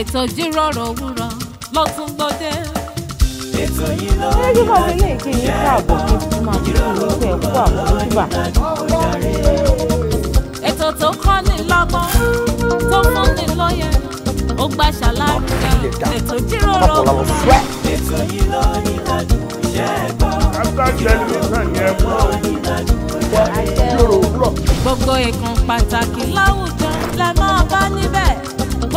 ètò jíròrò òwúrọ̀ ló tún gbòde. ètò yìí ló ń yọ ọ́ ilé ìgbé yìí káàbọ̀ kí n máa fi ìlú ẹ̀kú àmójúbà. ètò tó kọ́ ni lọ́gbọ́n tó fún ni lóye ó gbà ṣàlàyé ètò jíròrò òwúrọ̀. ètò yìí ló ní ìdájọ́ gbogbo ìkan pàtàkì láwùjọ lẹ máa bá níbẹ̀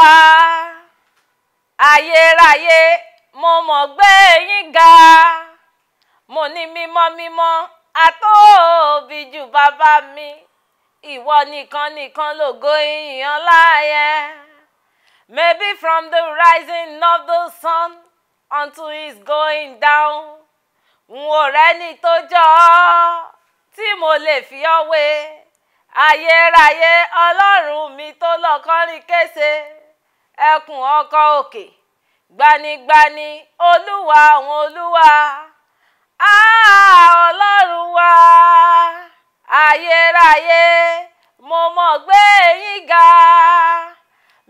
wa ayérayé mo mọ̀ gbé yín ga mo ní mímọ́ mímọ́ atóbi jù bàbá mi ìwọ nìkan nìkan lògo ìyìn ọlá yẹn maybe from the rising of the sun unto his going down n ò rẹ́ni tó jọ tí mo lè fi ọ́ wé ayérayé ọlọ́run mi tó lọ́kọ́rin kése ẹkùn ọkọ òkè gbanigbani olúwa àwọn olúwa á ah, ọlọ́run wa ayérayé mo mọ̀ gbé yín ga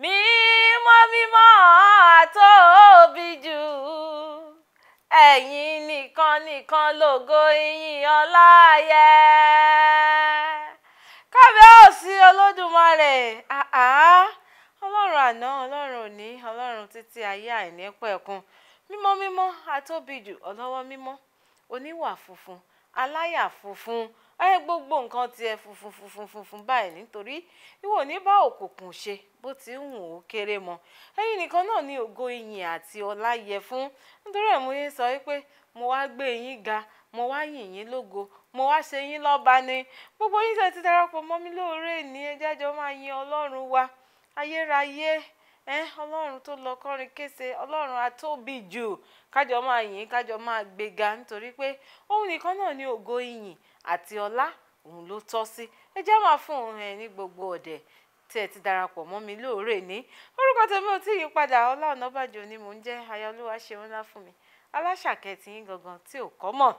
mímọ́ mímọ́ àtóbi jù ẹ̀yin nìkan nìkan lógo ìyìn ọlá yẹ kábíyèsí olódùmarè àá. Ah, ah ọlọ́run àná ọlọ́run òní ọlọ́run títí ayé àìní pẹ̀kun mímọ́ mímọ́ atóbijù ọlọ́wọ́ mímọ́ oníwà funfun aláyà funfun ayé gbogbo nǹkan tiẹ̀ funfun funfun funfun báyìí nítorí ìwọ ní bá òkùnkùn ṣe bó ti ń wù ó kéré mọ́ ẹ̀yin nìkan náà ní ògo ìyìn àti ọlá yẹ fún nítorí ẹ̀ mo yẹ sọ wípé mo wá gbé yín ga mo wá yìn yín lógo mo wá ṣe yín lọ́ba ni gbogbo yín tẹ̀ ti darapọ̀ mọ́ mi lóore ní ẹjẹ́ jọ máa yin ọlọ́run wa ayérayé ọlọ́run tó lọ kọrin kése ọlọ́run atóbi jù kájọ máa yìn kájọ máa gbéga nítorí pé òun nìkan náà ní ògo ìyìn àti ọlá òun ló tọ́ sí ẹ jẹ́ máa fún òun ẹ̀ ní gbogbo ọ̀dẹ̀ tí ẹ ti darapọ̀ mọ́ mi lóòrè ní orúkọ tèmi ò tí ì yípadà Ọlá Ọ̀nàbàjọ́ ni mò ń jẹ́ ayọ̀lúwa ṣeun ńlá fún mi aláṣàkẹ́ tí yín gangan tí ò kọ́ mọ̀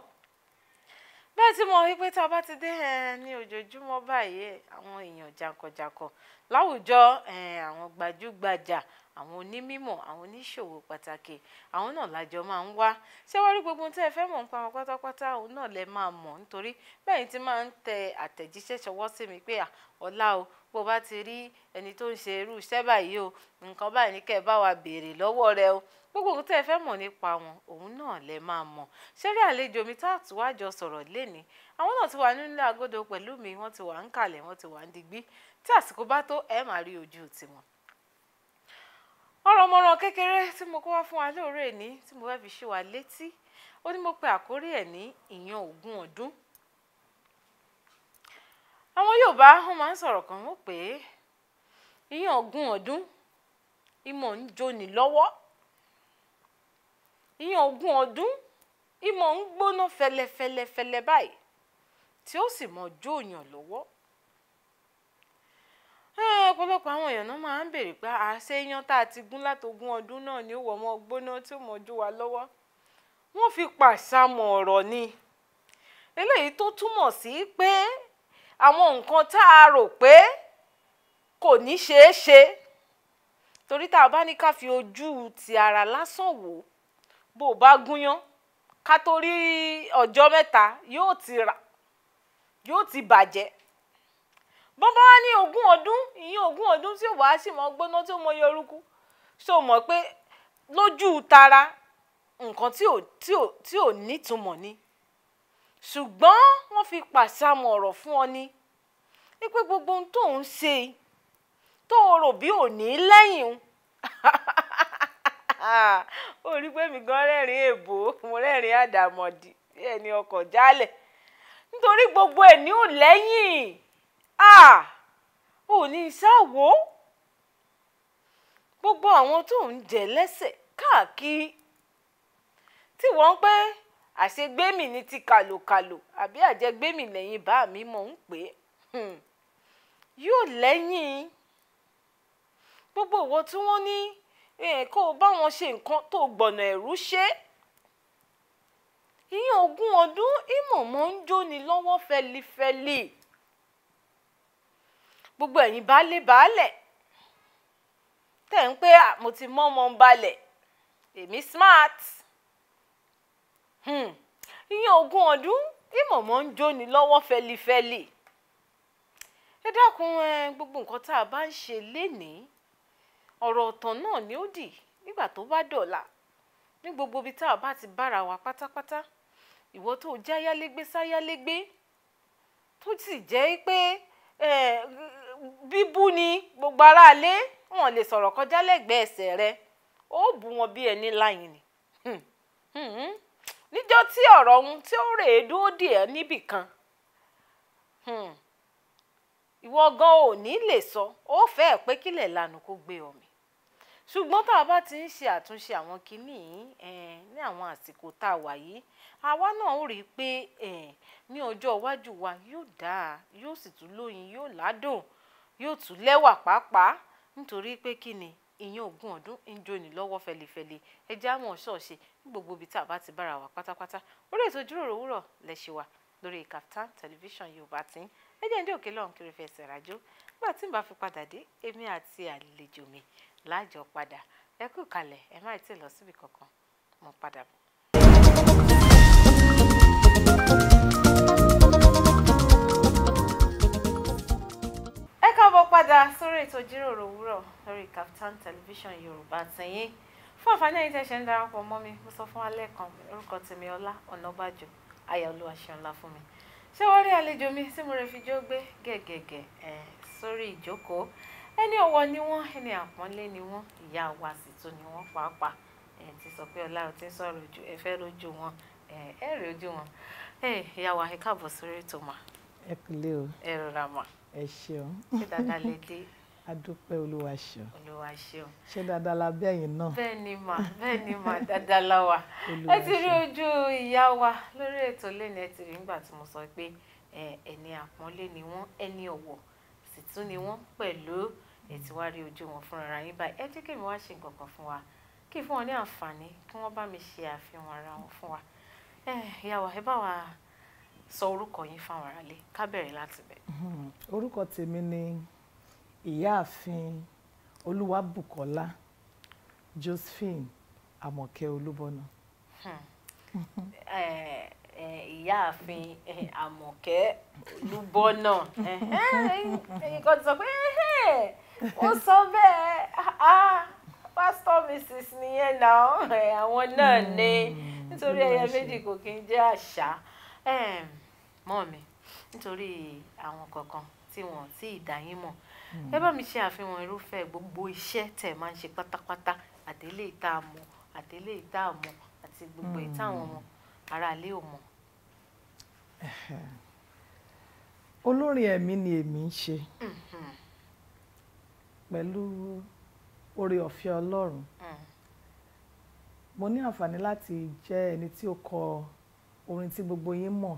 bẹ́ẹ̀ tí mo rí pé tá a bá ti dé eh, ní ojoojúmọ́ báyìí àwọn èèyàn jàǹkànjàǹkàn láwùjọ eh, àwọn gbajúgbajà àwọn onímọ̀ àwọn oníṣòwò pàtàkì àwọn náà lájọ máa ń wá ṣé wàá rí gbogbo tẹ́ ẹ fẹ́ mọ̀ nípa wọn pátápátá òun náà lẹ máa mọ̀ nítorí bẹ́ẹ̀ ti máa ń tẹ àtẹ̀jíṣẹ́ ṣọwọ́ sí mi pé ọ̀la o bó bá ti rí ẹni tó ń ṣe irú iṣẹ́ báyìí o nǹkan báyìí ní kẹ́ ẹ bá wa béèrè lọ́wọ́ rẹ o gbogbo ohun tẹ́ ẹ fẹ́ mọ̀ nípa wọn òun náà lẹ máa mọ̀ ṣẹ́rí àlejò mi tá a tún wá jọ sọ̀rọ̀ lénìí àwọn náà ti wà nílé agodo pẹ̀lú mi wọ́n ti wà ń kalẹ̀ wọ́n ti wà ń digbí tí àsìkò bá tó ẹ máa rí ojú tiwọn. ọ̀rọ̀mọ̀ràn kékeré tí mo kó wá fún wa lóore ní tí mo fẹ́ fi ṣe wa létí ó ní mo pe àkórí ẹ̀ ní ìyan ogún ọdún àwọn Yorùbá wọn máa ń sọ̀rọ̀ kan wọ́n pé iyán ogún ọdún ìmọ̀ ń jóni lọ́wọ́ iyán ogún ọdún ìmọ̀ ń gbóná fẹlẹ́fẹlẹ́fẹlẹ́ báyìí tí ó sì mọ̀ jóòyàn lọ́wọ́ ọ̀pọ̀lọpọ̀ àwọn èèyàn náà máa ń béèrè pé àṣé iyán tá a ti gún látogún ọdún náà ni ó wọ̀ mọ́ gbóná tí ó mọ̀ jó wa lọ́wọ́ wọ́n fi pàṣàmọ̀ ọ̀rọ̀ ni eléyìí tó túmọ̀ sí pé àwọn nǹkan tá a rò pé kò ní ṣeé ṣe torí tá a bá ní ká fi ojú ti ara lásán wò bó o bá gúnyán ká tó rí ọjọ́ mẹ́ta yóò ti rà yóò ti bàjẹ́ bọ́bá wá ní ogún ọdún ìyẹn ogún ọdún tí wàá sì mọ gbóná tí ó mọ yọrùkú ṣó mọ̀ pé lójú tara nǹkan tí ò nítumọ̀ ni ṣùgbọ́n wọ́n fi pàṣàmù ọ̀rọ̀ fún ọ ni wípé gbogbo ohun tó ń ṣe tó o rò bí ò ní lẹ́yìn o ó rí pé mi gan rẹ́rìn èbó mo rẹ́rìn àdàmọ̀dì bí ẹni ọkọ̀ jálẹ̀ nítorí gbogbo ẹ̀ ní ò lẹ́yìn ò ní ìṣàwò gbogbo àwọn tó ń jẹ lẹ́sẹ̀ káàkiri tí wọ́n pẹ́ àṣegbémì ní ti kàlòkàlò àbí àjẹgbémì lẹ́yìn bá mi mọ̀ ń pè é hmm. yóò lẹ́yìn gbogbo ìwọ tí wọ́n ní kó o bá wọn ṣe nǹkan tó gbọ̀nà ẹ̀rú ṣe ìyẹn ogún ọdún ìmọ̀mọ́ ń ni lọ́wọ́ fẹlifẹli gbogbo ẹ̀yin baálé baálẹ̀ tẹ̀ ń pé mo ti mọ́ ọmọ ń balẹ̀ èmi smart. Hmm. ìyẹn ogún ọdún tí mọ̀mọ́ ń jóni lọ́wọ́ fẹlifẹli ẹ dákun ẹ gbogbo nǹkan tá a bá ń ṣe lénìí ọ̀rọ̀ ọ̀tàn náà ni ó dì nígbà tó bá dọ̀la ní gbogbo ibi tá a bá ti bára wa pátápátá ìwọ tó jẹ́ ayálégbé sáyálégbé tó sì jẹ́ pé bíbú ni gbogbo aráalé wọn lè sọ̀rọ̀ kọjá lẹ́gbẹ̀ẹ́ ẹsẹ̀ rẹ ó bú wọn bí ẹni láyìn ni. Hmm. Hmm níjọ́ tí ọ̀rọ̀ ohun tí ó rèé dúró dì ẹ́ níbì kan hmm, ìwọ gan ò ní lè sọ ó fẹ́ẹ̀ pé kílẹ̀ lànà kó gbé omi ṣùgbọ́n tá a bá ti ń ṣe àtúnṣe àwọn kinní yìí ní àwọn àsìkò tá a wà yìí àwa náà ń rí i pé ní ọjọ́ iwájú wa yóò dáa yóò sì tún lóyin yóò ládùn yóò tún lẹ́wà pàápàá nítorí pé kí ni ìyẹn ogún ọdún ń jóni lọ́wọ́ fẹlifẹli ẹjẹ́ àmọ́ ṣọ́ọ̀ṣe ní gbogbo ibi tá a bá ti bára wa pátápátá orí ètò ìjíròrò òwúrọ̀ lẹ́ṣẹ̀ wa lórí Kaftan television yorùbá tí ń ẹjẹ́ ndé òkè lọ́run kiri fẹsẹ̀ rájò nígbà tí n bá fi padà dé èmi àti àlejò mi láàjọ padà ẹ kú kalẹ̀ ẹ má tí lọ síbi kankan mo padà bọ̀. padà sórí ètò ìjíròrò òwúrọ̀ lórí Kaftan television yorùbá tẹ̀yìn fún àǹfààní ẹ̀yin tẹ̀sẹ̀ ń darapọ̀ mọ́ mi mo sọ fún alẹ́ kan orúkọ tèmi ọlá ọ̀nàbàjọ ayọ̀lúwa ṣeunlá fún mi ṣé wọ́n rí àlejò mi tí mo rẹ̀ fi jó gbé gẹ̀gẹ̀gẹ̀ ẹ̀ sórí ìjókòó ẹni ọ̀wọ̀ ni wọ́n ẹni àpọ́nlé ni wọ́n ìyá wa sì tún ni wọ́n pàápàá ẹ̀ ti sọ pé ọlá ò ti sọ̀rọ̀ ojú ẹ fẹ́ rojú wọn ẹ̀ ẹ̀ rí ojú wọn ẹ̀ ìyá wa ẹ káàbọ̀ sórí ètò mà ẹ kúlẹ̀ o ẹ rọra mà ẹ ṣeun ṣé dáadáa lè dé adúpẹ́ olúwa ṣeun olúwa ṣeun ṣé dáadáa la bí ẹ̀yin náà. bẹ́ẹ̀ ni mà bẹ́ẹ̀ ni mà dáadáa la wà ẹ ti rí ojú ìyá wa lórí ètò lẹ́nu ẹ ti rí nígbà tí mo sọ pé ẹni àpọ́nlé ni wọ́n ẹni ọ̀wọ̀ sì tún ni wọ́n pẹ̀lú ẹ ti wá rí ojú wọn fúnra yín báyìí ẹ jẹ́ kí èmi wá ṣe nǹkan kan fún wa kí fún wọn ní àǹfààní kí wọ́n bá mi ṣe àfihàn ara wọn fún wa ìyá wa ẹ bá wa sọ orúkọ yín fáwọn aráalé ká bẹ̀rẹ̀ láti bẹ̀. Hmm. orúkọ tèmi ni ìyáàfin olúwàbùkọ́lá josephine àmọ̀kẹ́ olúbọ̀nà. Hmm. Eh, eh, ìyáàfin eh, àmọ̀kẹ́ olúbọ̀nà ẹ̀yin kan ti sọ pé ó sọ bẹ́ẹ̀ ah, pastor mrs nìyẹn náà àwọn náà ni hmm. nítorí ẹyẹ méjì kò kí n jẹ́ àṣà mọ́ mi nítorí àwọn kankan tí wọn tí ìdáyín mọ̀ hmm. ẹ bá mi ṣe àfihàn irúfẹ́ gbogbo iṣẹ́ tẹ̀ máa ń ṣe pátápátá àtẹlé ìta àmọ́ àtẹlé ìta àmọ́ àti gbogbo ìta àwọn ọmọ hmm. aráalé ò mọ̀. olórin ẹ̀mí ni èmi ń ṣe pẹ̀lú oore ọ̀fẹ́ ọlọ́run hmm. mo ní àǹfààní láti jẹ́ ẹni tí ó kọ orin tí gbogbo yín mọ̀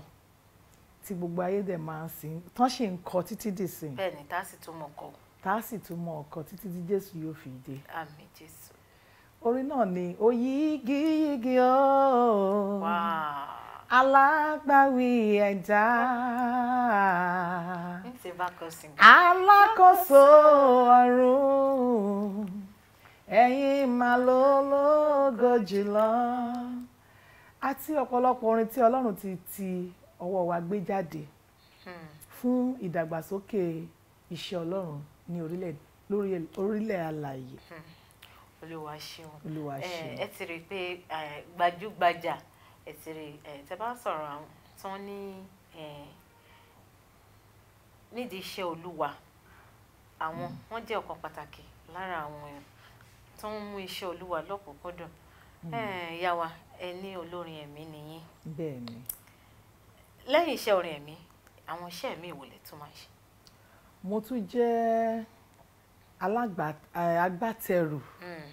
tí gbogbo ayé dẹ̀ máa ń sìn tán sì ń kọ títí dì sí. bẹ́ẹ̀ni tá a sì tún mọ ọkọ. tá a sì tún mọ ọkọ títí tí jésù yóò fi dé. àmín jésù. orin náà ni ó yígi yígi ooo. alágbàwí ẹ̀dá. alákòóso ọ̀run ẹ̀yin máa ló lógo jùlọ. àti ọ̀pọ̀lọpọ̀ orin tí ọlọ́run ti ti ọwọ́ wa gbé jáde hmm. fún ìdàgbàsókè iṣẹ́ Ọlọ́run ní orílẹ̀ alààyè. Hmm. Olúwa ṣeun Olúwa eh, ṣeun ẹ ti rí i pé eh, gbajúgbajà ẹ ti rí i eh, tẹ bá sọ̀rọ̀ àwọn tó ń ní nídìí iṣẹ́ Olúwa àwọn hmm. wọ́n jẹ́ ọ̀kan pàtàkì lára àwọn èèyàn tó ń mú iṣẹ́ Olúwa lọ́kùnkúndùn ìyá wa ẹni olórin ẹ̀mí nìyí. bẹ́ẹ̀ni lẹ́yìn iṣẹ́ orin ẹ̀mí àwọn iṣẹ́ mi ìwòlẹ̀ tún máa ń ṣe. mo tún jẹ́ eh, agbátẹrù hmm.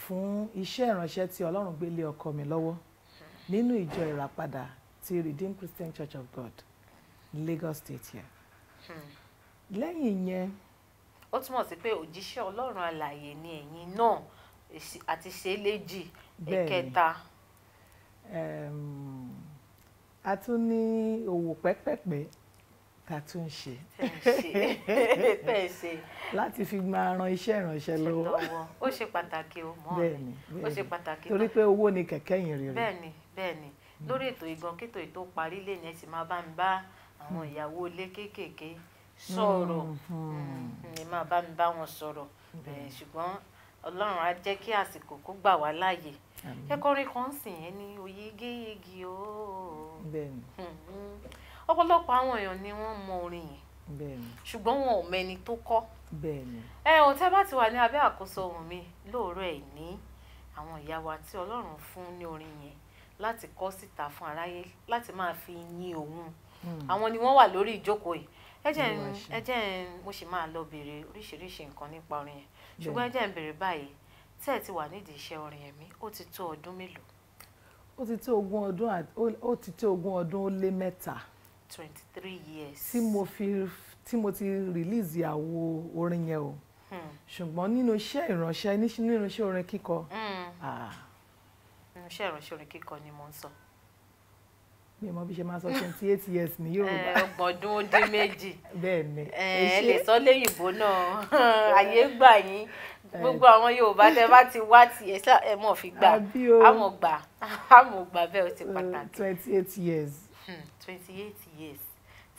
fún iṣẹ́ ìránṣẹ́ tí ọlọ́run gbé lé ọkọ mi lọ́wọ́ nínú ìjọ ìràpadà ti Redeemed Christian Church of God Lagos State here. Hmm. lẹ́yìn yẹn. ó túmọ̀ sí pé òjíṣẹ́ ọlọ́run alààyè ni ẹ̀yin náà àti ṣe é léjì ẹ̀kẹta. bẹ́ẹ̀ ni a tún ní òwò pẹ́pẹ́pẹ́ tá a tún ṣe láti fi máa ran iṣẹ́ ìrànṣẹ́ lọ́wọ́ ó ṣe pàtàkì o mọ́ bẹ́ẹ̀ni ó ṣe pàtàkì torí pé owó ni kẹ̀kẹ́ yìí rere bẹ́ẹ̀ni bẹ́ẹ̀ni mm. lórí ètò ìgan kí ètò ètò parí lè yẹn ti máa bá mi bá àwọn mm. ìyàwó ilé kéékèèké sọ̀rọ̀ mm-hmm. mm, ẹ máa bá mi bá wọn sọ̀rọ̀ ṣùgbọ́n ọlọ́run á jẹ́ kí àsìkò kó gbà wá láàyè kẹ́kọ̀ọ́rin kan sìn yẹn ní oyè yégeyége ooo ọ̀pọ̀lọpọ̀ àwọn èèyàn ni wọ́n mọ orin yẹn ṣùgbọ́n wọn ò mẹni tó kọ ẹ ò tẹ́ bá ti wà ní abẹ́ àkóso ohùn mi lóòrọ̀ ẹ̀ ní àwọn ìyá wa tí ọlọ́run fún ní orin yẹn láti kọ síta fún aráyé láti máa fi yìn òun hmm. àwọn ni wọ́n wà lórí ìjókòó yìí ẹ jẹ́ ẹ jẹ́ mo sì máa lọ béèrè oríṣiríṣi nǹkan nípa orin yẹn ṣùgbọ́n ẹ jẹ́ n béèrè báyìí tẹ́ ẹ ti wà nídìí iṣẹ́ orin ẹ̀mí ó ti tó ọdún mélòó. ó ti tó ogún ọdún ó ti tó ogún ọdún ó lé mẹ́ta. twenty three years. tí mo fi tí mo ti release àwo orin yẹn o hmm. ṣùgbọ́n nínú iṣẹ́ ìránṣẹ́ nínú iṣẹ́ orin kíkọ. Hmm. Ah. nínú iṣẹ́ ìránṣẹ́ orin kíkọ ni mo ń sọ mi mọ bí ṣe máa sọ twenty eight years ní yorùbá. Eh, ọgbọ̀n ọdún ó dín méjì. bẹ́ẹ̀ ni. Eh, ẹ lè sọ léyìnbó náà ayé gbà yín eh. gbogbo àwọn yorùbá tẹ bá ti wá ti ẹ mọ̀ fi gbà àmọ̀ gbà àmọ̀ gbà bẹ́ẹ̀ ó ti pàtàkì. twenty eight years. Hmm, twenty eight years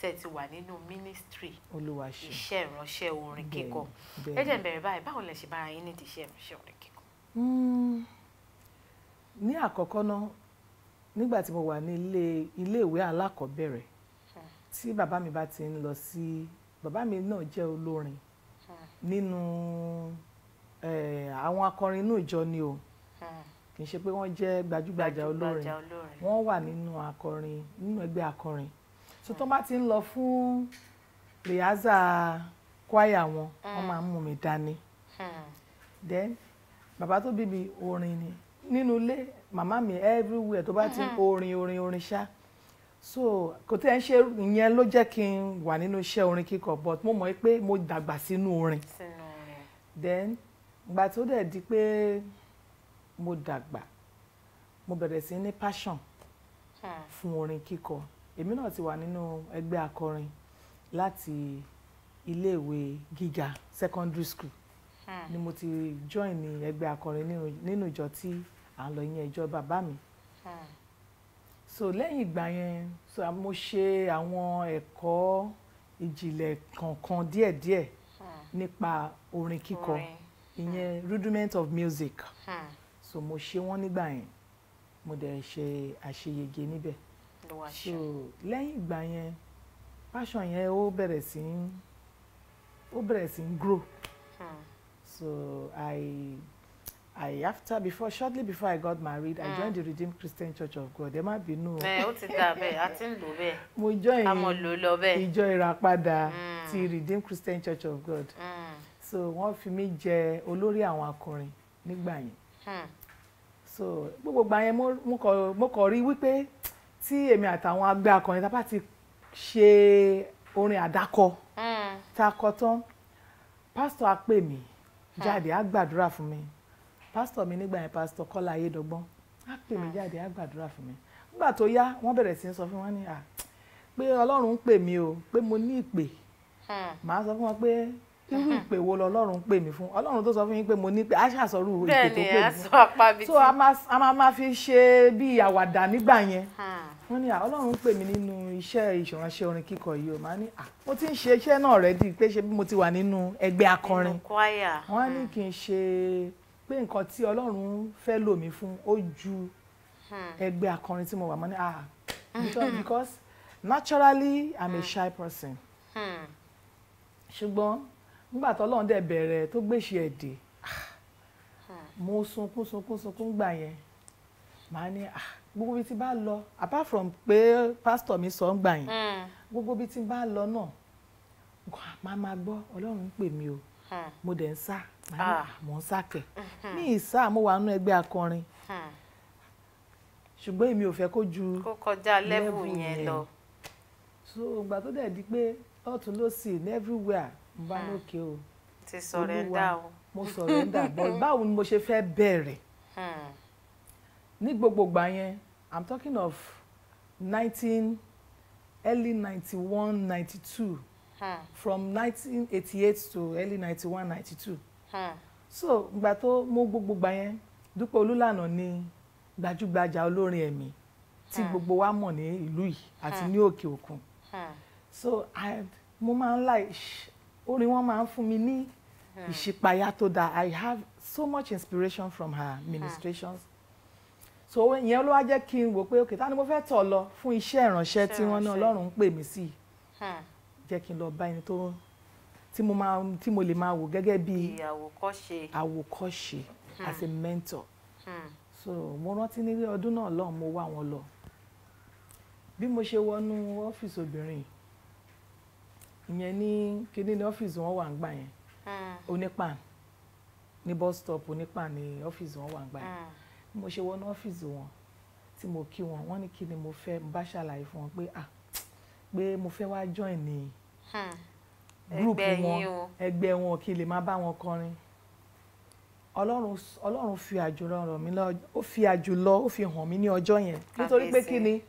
tẹ ti wà nínú ministry iṣẹ́ ìránṣẹ́ orin kíkọ ẹ jẹ́ n bẹ̀rẹ̀ báyìí báwo lẹ ṣe bára yín nídìí iṣẹ́ ìránṣẹ́ orin kíkọ. Hmm, ní àkọ́kọ́ náà nígbà tí mo wà ní ilé iléèwé alákọ̀ọ́bẹ̀rẹ̀ hmm. tí bàbá mi bá ti ń lọ sí bàbá mi náà jẹ́ olórin hmm. nínú àwọn akọrin inú ìjọ ni o hmm. kì í ṣe pé wọ́n jẹ́ gbajúgbajà olórin wọ́n wà nínú akọrin nínú ẹgbẹ́ akọrin so tó bá ti ń lọ fún rìhásà kwaya wọn wọ́n máa ń mú mi dání then bàbá tó bí mi orin ni nínú ilé màmá mi everywhere tó bá ti mm-hmm. orin orin orin ṣá so kò tí ẹ ń ṣe ìyẹn ló jẹ́ kí n wà nínú iṣẹ́ orin kíkọ but mo mọ̀ pé mo dàgbà sínú orin then gbà tó dẹ̀ di pé mo dàgbà mo bẹ̀rẹ̀ sí ní passion hmm. fún orin kíkọ èmi náà ti wà nínú ẹgbẹ́ akọrin láti iléèwé gíga secondary school hmm. ni mo ti join ní ẹgbẹ́ akọrin nínú ìjọ tí à ń lọ yẹn ẹjọ́ bàbá mi so lẹ́yìn ìgbà yẹn so mo ṣe àwọn ẹ̀kọ́ ìjìnlẹ̀ kọ̀ọ̀kan díẹ̀díẹ̀ nípa orin kíkọ ìyẹn rudiment of music hmm. so mo ṣe wọ́n nígbà yẹn mo dẹ̀ ṣe àṣeyege níbẹ̀ so lẹ́yìn ìgbà yẹn passion yẹn ó bẹ̀rẹ̀ sí ó bẹ̀rẹ̀ sí grow so I. I after before shortly before I got married, mm. I joined the Redeemed Christian Church of God. Ẹ má bínú. Ẹ eh, ó ti dà bẹ́ẹ̀, a ti ń lò bẹ́ẹ̀. Mo join ìjọ ìràpadà mm. Redeemed Christian Church of God. Mm. So one fi mí jẹ olórí àwọn akọrin nígbà hmm. So gbogbo ìgbà yẹn mo kọ̀ rí wípé tí èmi àtàwọn agbẹ́ akọrin tá a bá ti ṣe orin àdákọ hmm. tá a kọ tán pásítọ̀ á pè mí hmm. jáde á gbàdúrà fún mi pásítọ̀ mi nígbà yẹn pásítọ̀ Kọ́lá Ayédọ́gbọ́n á pè mí ah. jáde á gbàdúrà fún mi nígbà tó yá wọ́n bẹ̀rẹ̀ sí í sọ fún wọn ní à pé Ọlọ́run ń pè mí o pé mo ní ìpè hmm. màá sọ fún wọn pé irú hmm. ìpè wo lọlọ́run pè mí fún ọlọ́run tó sọ fún yín pé mo ní pé aṣá sọ irú ìpè tó pè mí fún so a máa ma fi ṣe bí àwàdà nígbà yẹn hmm. wọ́n ní ọlọ́run pè mí nínú iṣẹ́ ìṣọ̀ránṣẹ́ orin kíkọ yìí o máa ní mo ti ń ṣe iṣẹ́ náà rẹ́dí pé ṣe bí mo ti wà nínú ẹgbẹ́ akọrin wọ́n ní kí n ṣe pé nǹkan tí ọlọ́run fẹ́ lò mí fún ó ju hmm. ẹgbẹ́ akọrin tí mo wà mọ́ ní ah hmm. because naturally i'm a hmm. shy person ṣùgbọ́n nígbà tó ọlọ́run dẹ̀ bẹ̀rẹ̀ tó gbèsè ẹ̀dẹ̀ mo sunkún sunkún sunkún gbà yẹn màá ní ah gbogbo bí ti bá lọ apart from pé pásítọ̀ mi sọ ń gbà yẹn gbogbo bí ti bá lọ náà màá máa gbọ́ ọlọ́run ń pè mí o mo dẹ̀ ń sá. Ah, ah, mò ń sàkẹ̀ ní mhm. ìsá mo wà nú ẹgbẹ́ akọrin hmm. ṣùgbọ́n èmi ò fẹ́ kó ju kó lẹ́bù yẹn lọ so ìgbà tó dẹ̀ di pé ọ̀tún ló sì ní everywhere mo bá hmm. lókè o ti sọ̀rẹ́ndà o mo sọ̀rẹ́ndà bọ́ báwo ni mo ṣe fẹ́ bẹ̀rẹ̀ hmm. ní gbogbo ìgbà yẹn i'm talking of nineteen early ninety one ninety two from nineteen eighty eight to early ninety one ninety two so ìgbà tó mú gbogbo gbà yẹn Dúpẹ́ Olúlànà ni gbajúgbajà olórin ẹ̀mí tí gbogbo wa mọ̀ ní ìlú yìí àti ní òkè òkun so I, mo máa ń láì orin wọn máa ń fún mi ní ìṣípayá tó dáa I have so much inspiration from her ministrations. so ìyẹn ló wá jẹ́ kí n wò pé òkè ta ni mo fẹ́ tọ̀ lọ fún iṣẹ́ ìránṣẹ́ tí wọ́n ní Ọlọ́run ń pè mí sí jẹ́ kí n lọ bá ẹni tó tí mo máa tí mo lè máa wò gẹ́gẹ́ bí àwòkọ́ṣe àwòkọ́ṣe hmm. as a mentor hmm. so mo rántí ní ọdún náà lọ́hùn mo wá wọn lọ bí mo ṣe wọnú ọ́fíìsì obìnrin ìyẹn ní kíní ní ọ́fíìsì wọn wà ń gbà yẹn hmm. onípa ní bus stop onípa ní ọ́fíìsì wọn wà ń gbà yẹn bí mo ṣe wọnú ọ́fíìsì wọn tí mo kí wọn wọ́n ní kí mo fẹ́ bá ṣàlàyé fún wọn pé ah pé mo fẹ́ wá join ni group wọn ẹgbẹ́ wọn kí lè máa bá wọn kọrin ọlọ́run ọlọ́run fi àjùlọ ràn mí lọ ó fi àjùlọ ó fi hàn mí ní ọjọ́ yẹn nítorí pé kí ni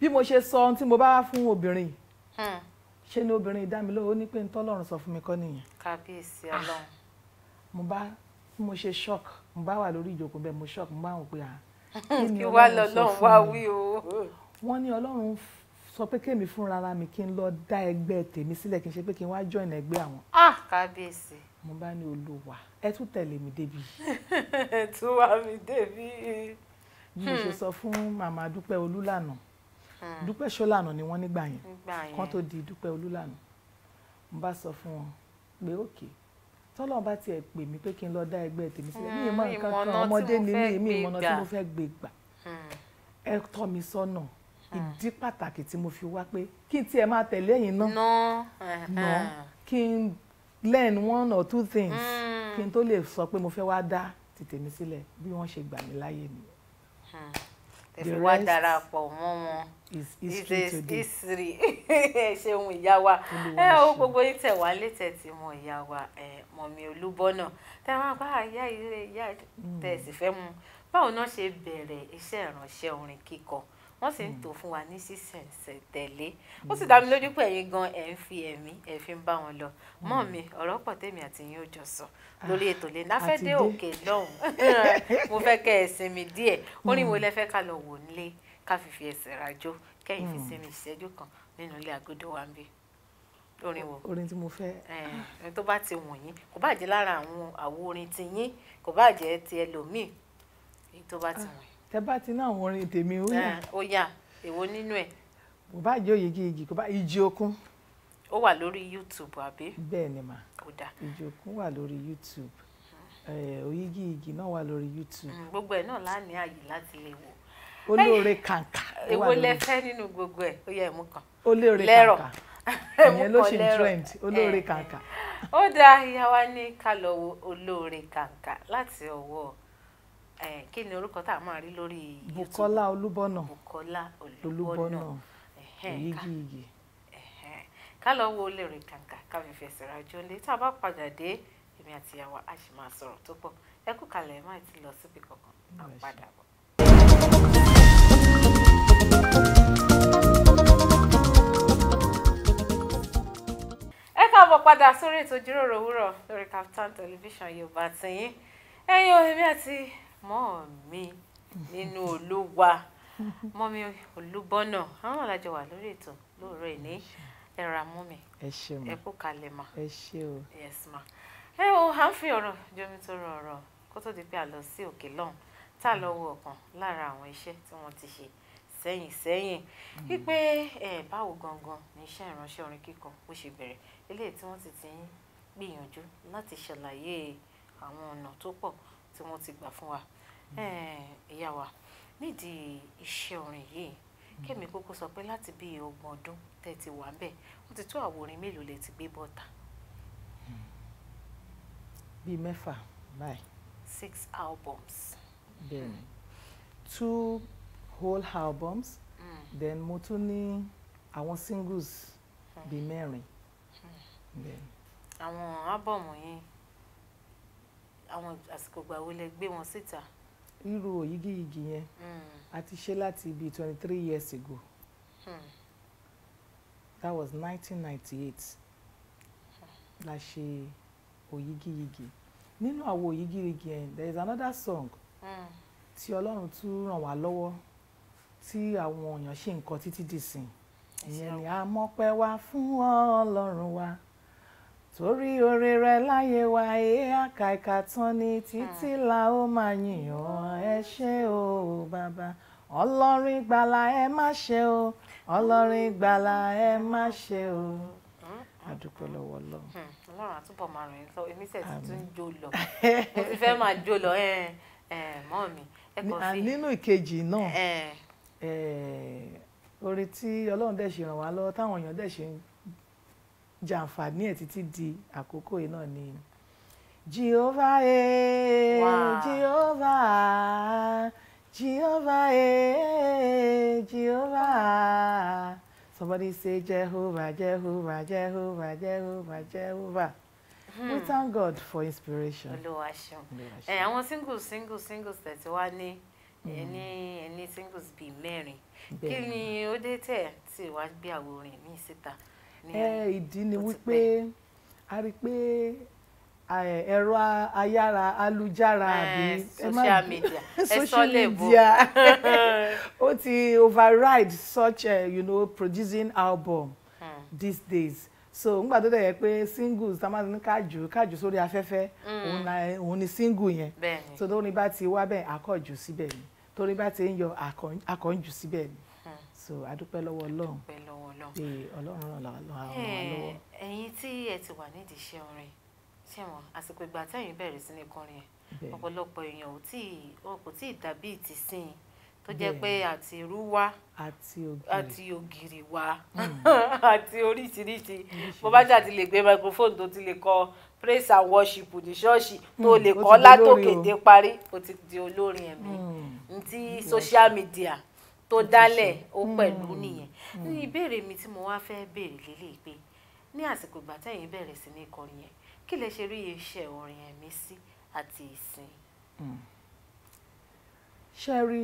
bí mo ṣe sọ ohun tí mo bá wá fún obìnrin hmm. ṣe ni obìnrin dá mi lóhùn ó ní pé ntọ́lọ́run sọ fún mi kọ́ nìyẹn. kábíyèsí ah. ọlọ́run. mo bá bí mo ṣe shock mo bá wà lórí ìjókòó bẹ́ẹ̀ mo shock mo bá wọn pé à. Ah, kí wàá lọ lọ́run wá wí o. wọ́n ní ọlọ́run sọ pé kémi fúnra mi kí n lọ dá ẹgbẹ́ tèmi sílẹ̀ kí n ṣe pé kí n wá join ẹgbẹ́ àwọn. ah kábíyèsí. mo bá ní olúwa ẹ tún tẹ̀lé mi débi. ẹ tún wá mi débi. bí mo ṣe hmm. sọ fún màmá dúpẹ́ olúlànà hmm. dúpẹ́ ṣọ́lànà ni wọ́n nígbà yẹn kán tó di dúpẹ́ olúlànà mo bá sọ fún wọn pé òkè tọ́lọ́run bá tiẹ̀ pè mí pé kí n lọ dá ẹgbẹ́ tèmi sílẹ̀ hmm, mí ìmọ̀ nǹkan kan ọmọdé ni mí ìmọ̀ ọ̀nà tí mo fẹ́ gbé gbà ẹ tọ́ mi sọ́nà ìdí pàtàkì tí mo fi wá pé kí n tiẹ̀ máa tẹ̀lé yín náà náà kí n learn one or two things mm. kí n tó lè sọ pé mo fẹ́ wá dá tìtèmi sílẹ̀ bí wọ́n ṣe gbà mí láyé mi. tẹ̀fí wá is history today. history ẹ ṣeun ìyá wa ẹ o gbogbo yìí tẹ̀ wá létẹ̀ tí mo ìyá wa ẹ mọ̀mí olúbọ́nà tẹ̀ wọ́n bá ìyá ìyá mm. tẹ̀ sì fẹ́ mu báwo náà ṣe bẹ̀rẹ̀ iṣẹ́ ìránṣẹ́ orin kíkọ wọ́n sì ń hmm. tò fún wa ní sísẹ̀ntẹ̀lé ó sì hmm. dá mi lójú pé ẹ̀yin gan ẹ̀ ń fi ẹ̀mí ẹ̀ fi ń bá wọn lọ mọ́ mi hmm. ọ̀rọ̀ pọ̀ tèmi àti yín ó jọ sọ ah, lórí ètò lè náfẹ́ dé òkè lọ́hùn-ún mo fẹ́ kẹ́ ẹ sinmi díẹ̀ orin wo lẹ fẹ́ ká lọ wò nílé ká fi fi ẹsẹ̀ rajó kẹ́yìn fi sinmi ìṣẹ́jú kan nínú ilé agodo wa ń bí orin wo orin tí mo fẹ́. ẹ tó bá ti wù yín kò bá jẹ́ lára àwọn àwo orin ti yín kò bá jẹ́ ti ẹlòmíì tó bá ti ah. wù tẹ bá ti ná àwọn orin tèmi ó yà. Eh, ó yà èwo nínú ẹ. kò bá jẹ́ òye gígì kò bá ìjì okun. ó wà lórí youtube àbí. bẹ́ẹ̀ ni mà ìjì okun wà lórí youtube eh, òyìgì igi náà wà lórí youtube. Mm, gbogbo ẹ náà láàánú àyè láti lè wò. olóore kàǹkà. Eh, èwo lẹ fẹ́ nínú gbogbo ẹ̀ ó yẹ ẹ̀mú kan. olóore kàǹkà ìyẹn ló ṣe ń trend olóore kàǹkà. ó dáa ìyá wa ní ká lọ wo olóore kàǹkà láti ọwọ́ kí ni orúkọ tá a máa rí lórí YouTube Bukola Olúbọ̀nà Bukola Olúbọ̀nà Oyigiyigì ká lọ wo lèrè kàǹkà ká fi fẹsẹ̀ rajò lé tá a bá padà dé èmi àti ìyàwó a sì máa sọ̀rọ̀ tó pọ̀ ẹ kú kalẹ̀ ẹ má ti lọ síbi kankan à padà bọ̀. ẹ káàbọ̀ padà sórí ètò ìjíròrò òwúrọ̀ lórí Kaftan television Yorùbá tìyín ẹ̀yin o èmi àti mọ́ mi nínú olúwa mọ́ mi olúbọ́nà àwọn alájọ wà lórí ètò lóòrọ̀ ìní ẹ̀rà mú mi ẹ kú kalẹ̀ mà ẹ ṣé o yes ma ẹ o à ń fi ọ̀rọ̀ jomi tó rọ ọ̀rọ̀ kó tó di pé a lọ sí òkè lọ́hùn tá a lọ wo ọ̀kan lára àwọn iṣẹ́ tí wọ́n ti ṣe sẹ́yìn sẹ́yìn hmm. wípé ẹ báwo gangan ni iṣẹ́ ìránṣẹ́ orin kíkọ bó ṣe bẹ̀rẹ̀ eléyìí tí wọ́n ti ti ń gbìyànjú láti ṣàlàyé àwọn ọ̀nà tó pọ̀ tí wọ́n ti gbà fún wa hmm. ìyá wa nídìí iṣẹ́ orin yìí hmm. Kẹ́mi Kókó sọ pé láti bí ọgbọ̀n ọdún tẹ́ ti wà ńbẹ̀ wọ́n ti tó àwòrán mélòó lẹ ti gbé bọ́ta. Hmm. bíi mẹ́fà báyìí. six albums. bẹ́ẹ̀ni two whole albums mm. then mo tún ní àwọn singles bíi mẹ́rin. àwọn ábọ̀mù yìí àwọn àsìkò gbà wo lẹ gbé wọn síta. irú òyígíyigì yẹn hmm. a ti ṣe láti ibi twenty three years ago hmm. that was nineteen ninety eight la ṣe òyígíyigì nínú àwọn òyígíyigì yẹn there is another song hmm. tí ọlọ́run tún ràn wá lọ́wọ́ tí àwọn èèyàn ṣì ń kọ títí dìsìn ìyẹn ni a mọpẹ́ wá fún ọlọ́run wa. Mm torí oore rẹ láyé wa ẹ àkàìkà tán ni títí hmm. la ó máa yìnyàn ẹ ṣé o bàbá ọlọ́run ìgbàlà ẹ má ṣe o ọlọ́run ìgbàlà ẹ má ṣe o adúpẹ́ lọ́wọ́ ọlọ́run. Hmm, ọlọ́run àtúbọ̀ máa rìn sọ èmi sẹ̀ ti tún jó lọ mo ti fẹ́ máa jó lọ mọ́ mi ẹ kàn sí. nínú ìkejì náà oore tí ọlọ́run dẹ̀ ṣe ràn wá lọ́wọ́ táwọn èèyàn dẹ̀ ṣe ń jàǹfààní ẹ̀ títí di àkókò yìí náà ni Jehovah e Jehovah Jehovah e Jehovah somebody say Jehovah Jehovah Jehovah Jehovah Jehovah hmm. we thank God for inspiration. olúwa ṣeun ẹ eh, àwọn singles singles singles tẹ̀sí wá ní hmm. ẹni ẹni singles bíi mẹ́rin kí ni ó dé tẹ̀ tí wàá gbé àwo orin mi síta ìdí ni wípé a rí i pé ẹ̀rọ ayára alújára àbí social media social media ó ti override such uh, you know, producing album hmm. these days so ngbà tó dẹ̀ yẹ pé singles tá a máa ní kájú kájú sórí afẹ́fẹ́ hmm. òun ni single yẹn so tó ní bá ti wá bẹ́ẹ̀ akọ́jú síbẹ̀ ni tó ní bá ti ń yọ akọ́njú síbẹ̀ ni so adúpẹ́ lọ́wọ́ ọlọ́run adúpẹ́ lọ́wọ́ ọlọ́run pé ọlọ́run ràn wá lọ́wọ́. ẹ̀yin tí ẹ ti wà nídìí iṣẹ́ orin ṣé wọn àsìkò ìgbà tẹ́yin bẹ̀rẹ̀ sí ní kọrin yẹn ọ̀pọ̀lọpọ̀ èèyàn ò tí kò tí ì dàbí ìtì sí i tó jẹ́ pé àti irú wa àti ògiri wa hmm. àti oríṣiríṣi bó bá ṣáà ti lè gbé microphone tó ti lè kọ praise and worship ní ṣọ́ọ̀ṣì tó hmm, lè kọ́ látòkè dé parí ó ti di olórin ẹ̀mí ntí hmm. social media tó dálẹ̀ ó pẹ̀lú hmm. nìyẹn hmm. ní ìbéèrè mi tí mo wá fẹ́ béèrè lélẹ̀ pé ní àsìkò ìgbà tẹ̀yìn bẹ̀rẹ̀ sí ní kọrin yẹn kí lẹ ṣe rí iṣẹ́ orin ẹ̀mí sí àti ìsìn. Hmm. ṣe rí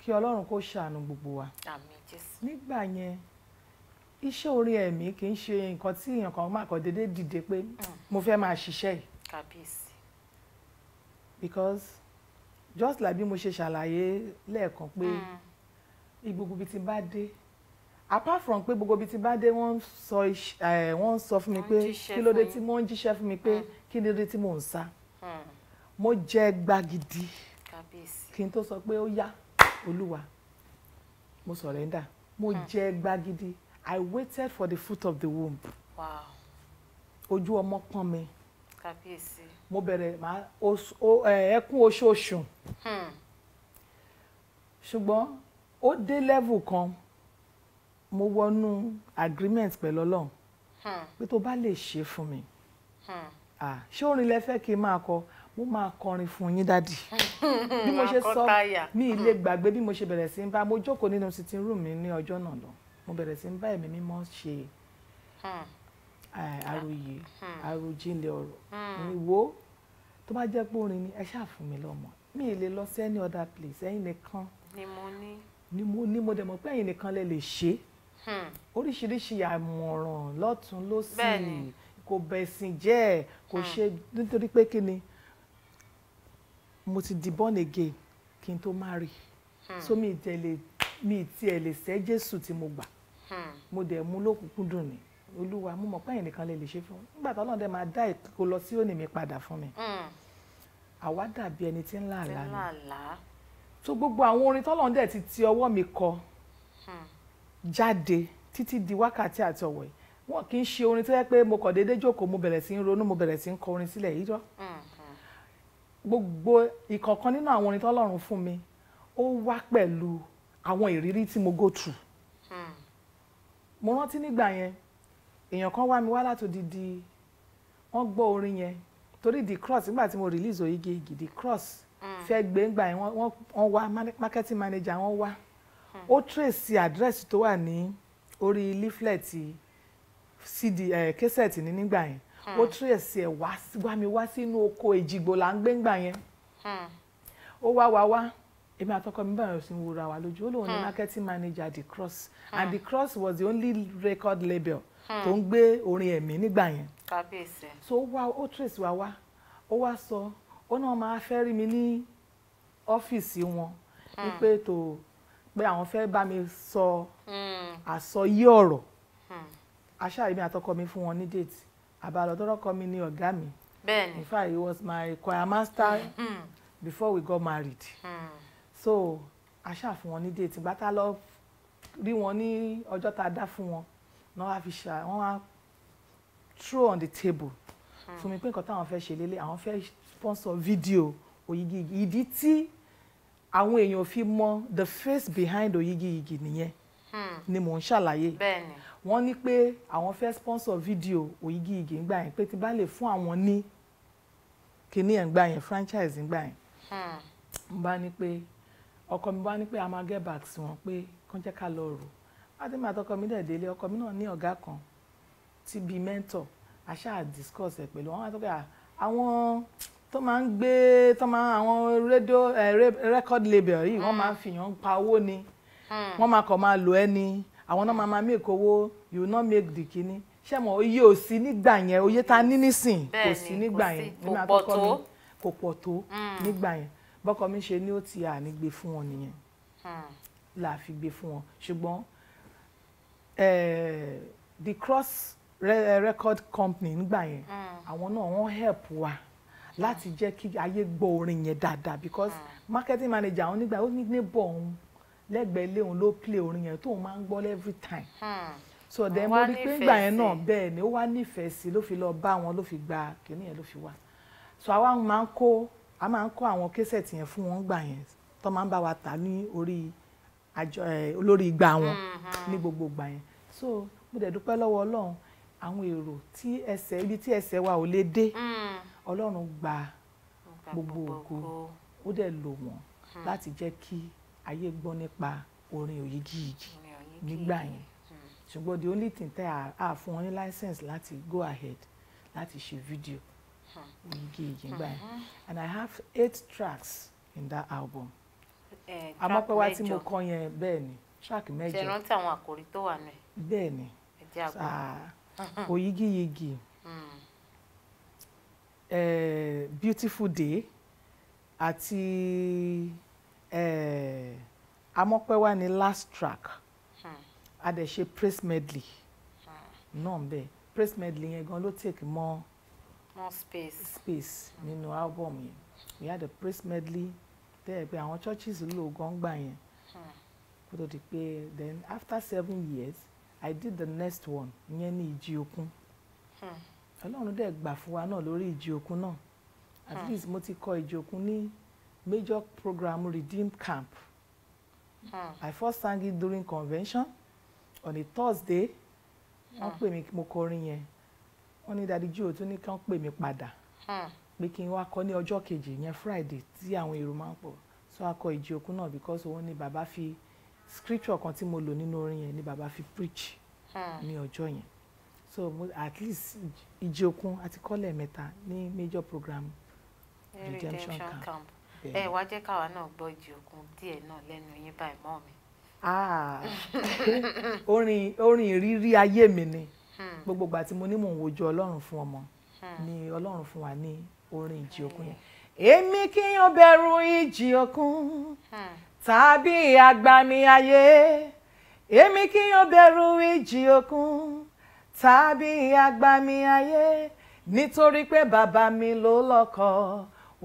kí ọlọ́run kó ṣàánú gbogbo wa nígbà yẹn iṣẹ́ orin ẹ̀mí kì í ṣe nǹkan tí èèyàn kan máa kàn déédéé dìde pé mo fẹ́ máa ṣiṣẹ́ because just like bí mo ṣe ṣàlàyé lẹ́ẹ̀kan pé. Mm gbogbo ibi tí bá dé apart from pé gbogbo ibi tí bá dé wọ́n sọ eh, wọ́n sọ fún mi pé hmm. kí ló dé tí mo ń jíṣẹ́ fún mi pé kí ló dé tí mo ń sá hmm. mo jẹ gbagidi kí n tó sọ pé ó yá olúwa mo sọ̀rẹ́ndà mo hmm. jẹ gbagidi I waited for the foot of the womb ojú ọmọ pọ́n mi mo bẹ̀rẹ̀ eh, ẹkún oṣooṣù ṣùgbọ́n ó dé level kan mo wọnú agreement pẹ̀lú ọlọ́run hmm. pé tó bá lè ṣe fún mi hmm. ṣé orin lẹ fẹ́ kí n máa kọ mo máa kọrin fún yín dádì bí mo ṣe sọ mi ilé hmm. gbàgbé bí mo ṣe bẹ̀rẹ̀ sí ń bá mo jókòó nínú sitting room mi ní ọjọ́ náà lọ mo bẹ̀rẹ̀ sí ń bá ẹ̀mí mímọ́ ṣe àròyé àròjinlẹ̀ ọ̀rọ̀ ìwò tó bá jẹ́ pé orin ni ẹ ṣáà fún mi lọ́mọ mi ì lè lọ sí any other place ẹ̀yin nìkan ni mo ni mo dẹ̀ mọ̀ pé ẹ̀yin nìkan lè lè ṣe hmm. oríṣiríṣi àmọ̀ràn lọ́tún lọ́sì kò bẹ̀sìn jẹ́ kò hmm. ṣe nítorí pé kí ni mo ti di born again kí n tó marry hmm. so mi ìtẹ̀ lè mi ìtẹ̀ lè sẹ́ Jésù tí mo gbà mo dẹ̀ mú lókùnkúndùn ni Olúwa mo mọ̀ pé ẹ̀yin nìkan lè lè ṣe fún mi nígbà tó Ọlọ́run máa dá ìkó lọ sí òní mi padà fún mi àwa dàbí ẹni tí ń lá àlá ni so gbogbo àwọn orin tọ́lọ́run dẹ̀ ti ti ọwọ́ mi kọ jáde títí di wákàtí àti ọ̀wọ̀ yìí wọn kì í ṣe orin tó yẹ pé mo kọ̀ déédéé jókòó mo bẹ̀rẹ̀ sí í ronú mo bẹ̀rẹ̀ sí í kọ orin sílẹ̀ yìí rọ́ gbogbo ìkọ̀ọ̀kan nínú àwọn orin tọ́lọ́run fún mi ó wá pẹ̀lú àwọn ìrírí tí mo go through mo rántí nígbà yẹn èèyàn kan wá mi wá láti odidi wọ́n gbọ́ orin yẹn torí the cross nígbà tí mo release oyigi igi the cross fẹ́ gbé ńgbà yẹn wọ́n wá marketing manager wọ́n wá hmm. ó trace address tó wà ní orí leaflet cd kẹsẹ̀tì ní nígbà yẹn ó hmm. trace ẹ̀ wá mi wá sínú oko èjìgbò là ń gbé ńgbà yẹn hmm. ó wá wá wá èmi àtọkọ mi bẹ̀rẹ̀ sí wúra wa lójú ó lóun ní marketing manager the cross and the cross was the only record label tó ń gbé orin ẹ̀mí nígbà yẹn so ó wá ó trace wá wá ó wá sọ ó náà máa fẹ́ rí mi ní ọ́fíìsì wọn wípé hmm. tó pé àwọn fẹ́ bá mi sọ hmm. àsọyé ọ̀rọ̀ hmm. aṣáàrí mi àtọkọ mi fún wọn ní déètì àbálọ tọrọkọ mi ní ọ̀gá mi bẹ́ẹ̀ni in fact he was my choir master mm. before we got married mm. so aṣáà fún wọn ní déètì gbátá lọ rí wọn ní ọjọ́ tá a dá fún wọn náà wá fi ṣá wọn wá throw on the table fún mi pé nǹkan táwọn fẹ́ ṣe lélẹ̀ àwọn fẹ́ sponsor video Oyigiyigi ìdí tí àwọn èèyàn fi mọ the face behind Oyigiyigi nìyẹn hmm. ni mò ń ṣàlàyé wọ́n ní pé àwọn fẹ́ sponsor video Oyigiyigi ńgbà yẹn pé tí bá lè fún àwọn ní kíní ẹ̀ ńgbà yẹn franchise ńgbà yẹn hmm. mo bá ní pé ọkọ mi bá ní pé a máa get back sí wọn pé kán jẹ́ ká lọ rò láti máa mi dẹ̀ délé ọkọ mi náà ní ọ̀gá kan tí bíi mentor àṣà discuss ẹ̀ pẹ̀lú àwọn àtọ́kẹ́ àwọn tó máa ń gbé tó máa àwọn rédíò eh, record label yìí wọ́n máa ń fìyàn pa owó ni hmm. wọ́n máa kọ̀ máa lò ẹ́ ni àwọn náà máa máa make owó you no make the kini ṣé mo iye ò sí nígbà yẹn oyè ta ní nísìn kò sí nígbà yẹn nínú àkọ́kọ́ mi kò pọ̀ tó hmm. nígbà yẹn bọ́kọ mi ṣe ní ó ti àní gbé fún wọn nìyẹn hmm. là fi gbé fún wọn ṣùgbọ́n eh, the cross eh, record company nígbà yẹn àwọn náà wọ́n help wa. Mm láti jẹ́ kí ayé gbọ́ orin yẹn dáadáa because ah. marketing manager àwọn nígbà ó ní neighbor òun lẹ́gbẹ̀ẹ́ ilé òun ló play orin yẹn tóun máa ń gbọ́ every time hmm. so then mo rí pé ìgbà yẹn náà bẹ́ẹ̀ ni ó wá nífẹ̀ẹ́ sí ló fi lọ bá wọn ló fi gba kìnìún yẹn ló fi wá so àwa máa ń kó a máa ń kó àwọn késẹ̀tì yẹn fún wọn gbà yẹn tó máa ń bá wa tà ní orí àjọ olórí igba wọn hmm, ní hmm. gbogbo gbà yẹn so mo dẹ̀ dúpẹ́ lọ́wọ́ Ọlọ́run àwọn èrò tí ẹsẹ̀ ibi tí ẹsẹ̀ wa ò lè dé ọlọ́run gba gbogbo ògo ó dẹ̀ lò wọ́n hmm. láti jẹ́ kí ayé gbọ́ nípa orin Oyigiyigi nígbà yẹn hmm. ṣùgbọ́n the only thing tẹ́ a fún wọn ní license láti go ahead láti ṣe fídíò hmm. Oyigiyigi nígbà yẹn and I have eight tracks in that album eh, àmọ́ pé wá tí mo kọ yẹn bẹ́ẹ̀ ni track mẹ́jọ ṣe rántí àwọn àkòrí tó wà nù ẹ̀ bẹ́ẹ̀ ni Oyigiyigi. Ah. Mm eh, beautiful day àti eh, amọ́pẹ́wá ni last track hmm. a dẹ̀ ṣe praise medley hmm. náà bẹ́ẹ̀ praise medley yẹn gan ló take more more space space hmm. nínú album yẹn we had a praise medley tẹ́ẹ̀ pé àwọn churches lò gan yẹn hmm. kó tó di pé then after seven years I did the next one ìyẹn ní ìjì òkun. Hmm. Ọlọ́run dẹ̀ gbà fún wa náà lórí ìjì òkun náà at hmm. least mo ti kọ ìjì òkun ní major program redeem camp hmm. I first sang it during convention on a Thursday wọ́n hmm. pè mí mo kọrin yẹn wọ́n ní dadi jíò tún ní kí wọ́n pè mí padà pé kí n wá kọ ní ọjọ́ kejì yẹn Friday tí àwọn èrò máa ń pọ̀ so a kọ ìjì òkun náà because òun ni bàbá fi scripture kan tí mo lò nínú orin yẹn ni bàbá fi preach ní ọjọ́ yẹn so at least ìjì òkun àti kọ́lẹ̀ mẹ́ta ní major program redemption camp. camp ẹ wá jẹ́ káwa náà gbọ́ ìjì òkun díẹ̀ náà lẹ́nu yín báyìí mọ́ mi. Ah. orin orin ìrírí ayé mi ni hmm. gbogbo ìgbà tí mo ní mò ń wojú ọlọ́run fún ọmọ hmm. ni ọlọ́run fún wa ní orin ìjì òkun yẹn. Eh. èmi kì í bẹ̀rù ìjì òkun hmm. tàbí agbami ayé èmi kì bẹ̀rù ìjì òkun tàbí agbami ayé nítorí pé bàbá mi ló lọ́kọ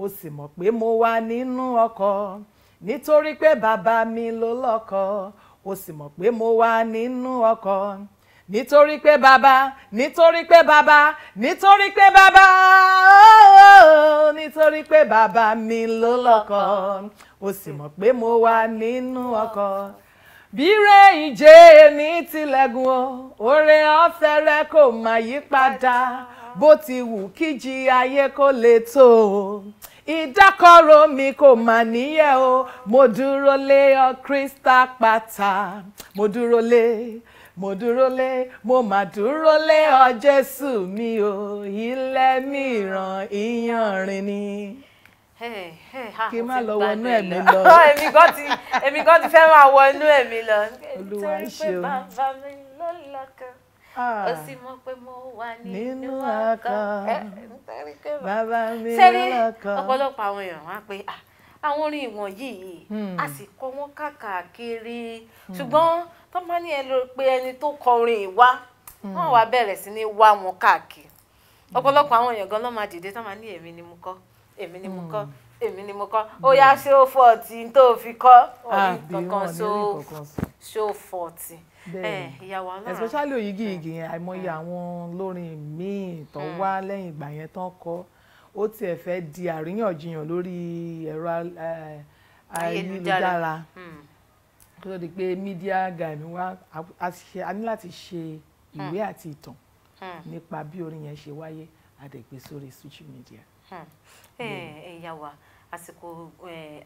ó sì mọ̀ pé mo wà nínú ọkọ nítorí pé bàbá mi ló lọ́kọ ó sì mọ̀ pé mo wà nínú ọkọ nítorí pé bàbá nítorí pé bàbá nítorí pé bàbá nítorí pé bàbá mi ló lọ́kọ ó sì mọ̀ pé mo wà nínú ọkọ bíre ìje èmi tilẹ̀gùn o oore ọ̀fẹ́rẹ́ kò má yí padà bó ti wù kíji ayé kó le tó o ìdákọ̀ró mi kò mà níyẹ̀ o mo dúró lé ọ kírísítà pátá mo dúró lé mo dúró lé mo mà dúró lé ọ jésù mi ò ilẹ̀ mìíràn ìyanrìn ni kí n má lọ wọnú ẹ̀mí lọ. èmi gan ti fẹ́ máa wọnú ẹ̀mí lọ. olúwa ṣeun ó sì mọ̀ pé mo wà nínú ọkàn eh, bàbá mi lọ́kàn. ọ̀pọ̀lọpọ̀ àwọn èèyàn wá pé ah, àwọn orin ìwọ̀nyí hmm. a sì kọ wọ́n káàkiri hmm. ṣùgbọ́n tó bá ní ẹ lọ pé ẹni tó kọ orin ìwá hmm. wọ́n wá bẹ̀rẹ̀ sí ní wá wọn káàkiri ọ̀pọ̀lọpọ̀ àwọn èèyàn gan ló máa dìde tó máa ní èmi ni mo kọ èmi ni mo hmm. kọ́ èmi ni mo kọ́ ó yá show hmm. forty tó fi kọ́ orí kankan show forty ìyàwó ọlọ́run especially oyigi igi yẹn àìmọye hmm. àwọn lórin míì tó wá lẹ́yìn ìgbà yẹn tán kọ́ ó tiẹ̀ fẹ́ di àríyànjiyàn lórí ẹ̀rọ eh, ayélujára kó tó di pé media guy mi wá a ní láti ṣe ìwé àti ìtàn nípa bí orin yẹn ṣe wáyé. Mm àdẹ̀gbé sórí social media. Hmm. ẹ̀yà wa àsìkò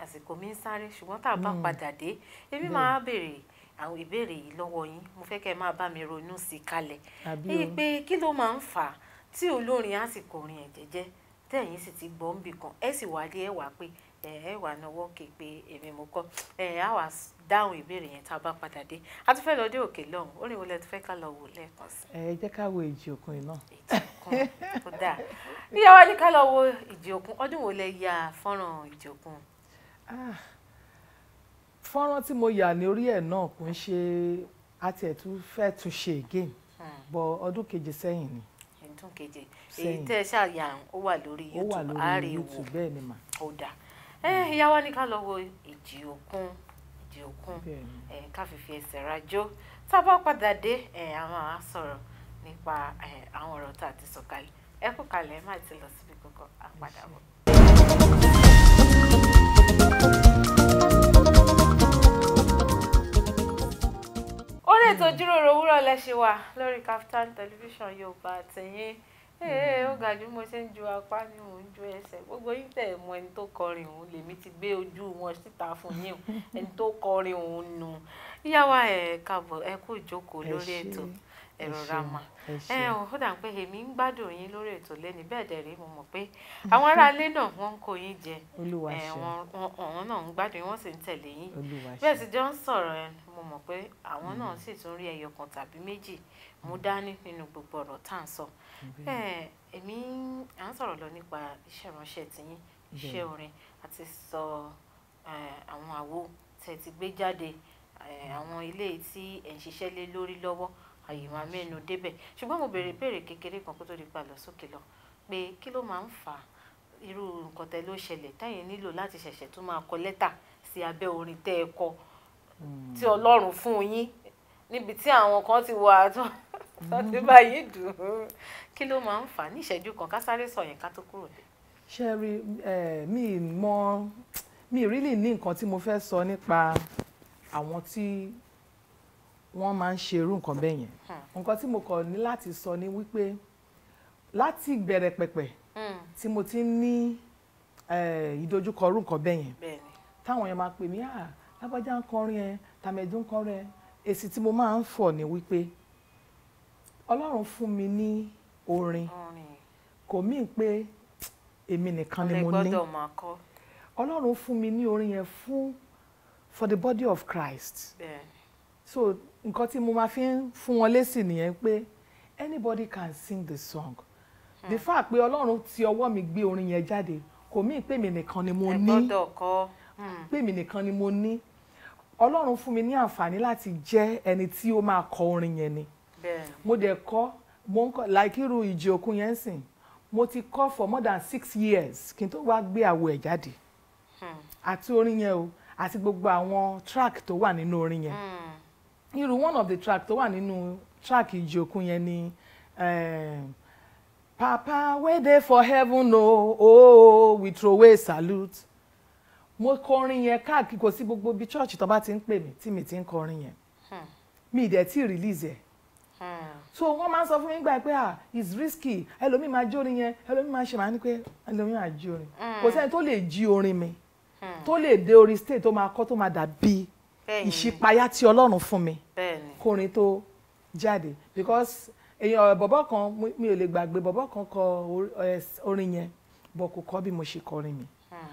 àsìkò mi ń sáré ṣùgbọ́n tá a bá hmm. padà dé èmi máa béèrè àwọn ìbéèrè yìí lọ́wọ́ yín mo fẹ́ kẹ́ ẹ máa bá mi ronú sí i kalẹ̀ bíi pé kí ló máa ń fà á tí olórin á sì kọrin ẹ̀ jẹ́jẹ́ tẹ̀yìn sì ti gbọ́ ń bì kan ẹ sì wálé ẹ wá pé ẹ ẹ wà náwó kè pé èmi mo kọ́ ẹ á wà dáhùn ìbéèrè yẹn tá a bá padà dé a tún fẹ́ lọ dé òkè lọ́hùn ó ní wọlé tó fẹ́ ká lọ wò lẹ́ẹ̀kan sí. ẹ jẹ́ ká wo èjì òkun iná. èjì òkun kò dáa níyà wá ní ká lọ wo ìjì òkun ọdún wo lẹ ya fọ́nrán ìjì òkun. Ah, fọ́nrán tí mo yà ní orí ẹ̀ náà kò ń ṣe àti ẹ̀tú fẹ́ tún ṣe again hmm. bọ ọdún keje sẹ́yìn ni. ọdún keje èyí tẹ́ ẹ ṣàyà ó wà lórí YouTube á rí wò bẹ́ẹ̀ ni mà. ó dà ìyá wa ní ká lọ wo ìjì òkun ìjì òkun ẹsẹ̀ rajó tá a bá padà dé àwọn àá sọ̀rọ̀ nípa àwọn ọ̀rọ̀ tá a ti sọ kalẹ̀ ẹ kú kalẹ̀ ẹ má ti lọ síbi kankan á padà bọ̀. orí ètò ìjíròrò òwúrọ̀ lẹ́sẹ̀ wa lórí Kaftan television Yorùbá àtẹ̀yìn ó ga jù mo ṣe ń ju apá ni mò ń ju ẹsẹ̀ gbogbo yín tẹ̀ mọ́ ẹni tó kọrin òun lèmi ti gbé ojú wọn síta fún yín ẹni tó kọrin òun nù ìyá wa ẹ̀ káàbọ̀ ẹ kú ìjókòó lórí ètò ẹ̀rọ ra mà ẹ ò ó dà ń pé èmi ń gbádùn yín lórí ètò lẹ́ni bẹ́ẹ̀ dẹ̀ rí mo mọ̀ pé àwọn aráalé náà wọ́n ń kó yín jẹ àwọn náà ń gbádùn yín wọ́n sì ń tẹ̀lé yín bẹ́ẹ̀ sì jọ ń sọ̀rọ̀ ẹ mo mọ̀ pé àwọn náà hmm. sì tún rí ẹyọ kan tàbí méjì mú dání nínú gbogbo ọ̀rọ̀ tá à ń sọ èmi à ń sọ̀rọ̀ lọ nípa iṣẹ́ ìránṣẹ́ tiyín iṣẹ́ orin àti sọ àwọn àwo tẹ̀ ti gbé jáde hmm. àwọn ilé tí ẹ̀ ń ṣiṣẹ́ lé lórí lọ́wọ́ àyè máa mẹ́nu débẹ̀ ṣùgbọ́n mo béèrè béèrè kékeré kan kó tó di pa lọ sókè lọ pé kí ló máa ń fà á irú nǹkan tẹ ló ṣẹlẹ̀ táyẹn nílò láti ṣẹ̀ṣẹ̀ tún máa kọ lẹ́tà sí abẹ́ orin tẹ́ ẹ kọ hmm. tí Ọlọ́run fún yín níbi tí àwọn kan ti wà tán ti báyìí dùn ún kí ló máa ń fà á ní ìṣẹ́jú kan ká sáré sọ yẹn ká tó kúrò dé. ṣe rí mi mọ mi really ní nǹkan tí mo fẹ́ sọ nípa àwọn tí wọ́n máa ń ṣe irú nǹkan bẹ́ẹ̀ yẹn nǹkan tí mo kọ̀ ní láti sọ ni wípé láti ìbẹ̀rẹ̀ pẹ̀pẹ̀ hmm. tí mo ti ń ní ìdojúkọ irú nǹkan bẹ́ẹ̀ yẹn táwọn yẹn máa pè mí à ah, lágbájá ń kọrin ẹ tàmẹ̀dún ń kọrin ẹ èsì tí mo máa ń fọ̀ ni wípé Ọlọ́run fún mi ní orin kò mí pé èmi nìkan ni mo ní Ọlọ́run fún mi ní orin yẹn fún for the body of Christ. so nǹkan tí mo máa fi ń fún wọn lésì nìyẹn pé anybody can sing the song hmm. the fact pé ọlọ́run ti ọwọ́ mi gbé orin yẹn jáde kò mí pé mi nìkan ni mo ní hmm. pé mi nìkan ni mo ní ọlọ́run fún mi ní àǹfààní láti jẹ́ ẹni tí ó máa kọ orin yẹn ni mo dẹ̀ kọ́ mo ń kọ́ like irú ìjì òkun yẹn ń sìn mo ti kọ́ for more than six years kí n tó wá gbé àwo ẹ̀ jáde hmm. àti orin yẹn o àti gbogbo àwọn track tó wà nínú orin yẹn. Hmm irú one of the track tó wà nínú track ìjòkun yẹn ni eh, papa wey dey for heaven no, oh, oh, we throw away salute mo kọrin yẹn káàkiri kò sí gbogbo bí church tó bá ti ń pè mí tí mi ti ń kọrin yẹn hmm. mi ì dẹ̀ tí ì release ẹ̀ hmm. so wọ́n máa ń sọ fún mi gbà pé ah it's risky ẹlòmíì máa jó orin yẹn ẹlòmíì máa ṣe máa ní pé ẹlòmíì máa jó orin hmm. kò sẹ́ni tó lè jí orin mi tó lè dé orí stage tó máa kọ́ tó máa dà bíi ìṣípayá tí ọlọ́run fún mi kórin tó jáde because èèyàn eh, bọ̀bọ̀ kan mi ò lè gbàgbé bọ̀bọ̀ kan kọ eh, orin yẹn bọ̀ kò kọ́ bí mo ṣe kọrin mi hmm.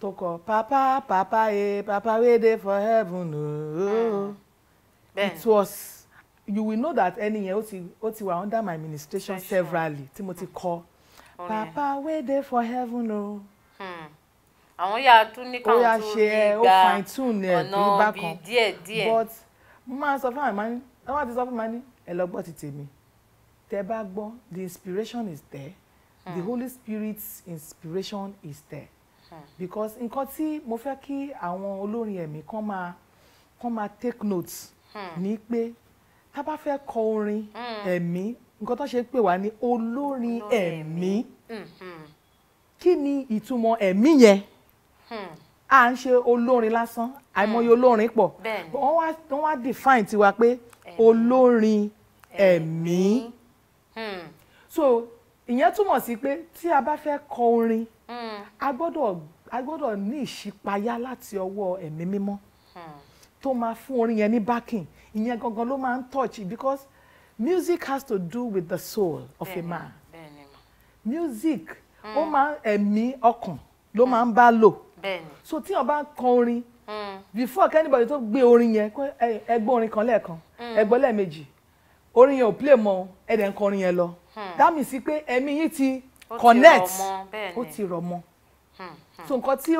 tó kọ papa papa e papa wey dey for heaven ooo hmm. it was you will know that ẹni yẹn ó ti wà under my administration severally tí mo ti hmm. kọ papa wey dey for heaven ooo àwọn yà tún ní káwọn tún rí ga ọ̀nà bíi díẹ̀ díẹ̀. but mo máa sọ fún àmà ní wọ́n máa ti sọ fún àmà ní ẹ lọ gbọ́ ti tèmi tẹ bá gbọ́ the inspiration is there the hmm. Holy Spirit's inspiration is there hmm. because nǹkan tí mo fẹ́ kí àwọn olórin ẹ̀mí kan máa kan máa take note hmm. ni pé tá a bá fẹ́ kọ orin hmm. ẹ̀mí nǹkan tó ṣe pè wá ní olórin ẹ̀mí kí ni ìtumọ̀ ẹ̀mí yẹn à ń ṣe olórin lásán àìmọye hmm. olórin pọ̀ wọ́n wá wọ́n wá define tiwa pé olórin ẹ̀mí hmm. so ìyẹn túmọ̀ sí pé tí a bá fẹ́ kọ orin hmm. a gbọ́dọ̀ a gbọ́dọ̀ ní ìṣípayá láti ọwọ́ ẹ̀mí mímọ́ tó máa fún orin yẹn ní backing ìyẹn gangan ló máa ń touch because music has to do with the soul of a man music ó máa ẹ̀mí ọkàn ló máa ń bá lò so tí wọn bá ń kọ orin hmm. before kẹ́nìbọ̀dì tó gbé orin yẹn ẹgbẹ́ orin kan lẹ́ẹ̀kan hmm. ẹgbẹ́ lẹ́ẹ̀mejì orin yẹn ò play mọ́ ẹ̀dẹ̀ ń kọ orin yẹn lọ hmm. that means pé ẹ̀mí yín ti connect ó ti rọ̀ mọ́ so nǹkan tí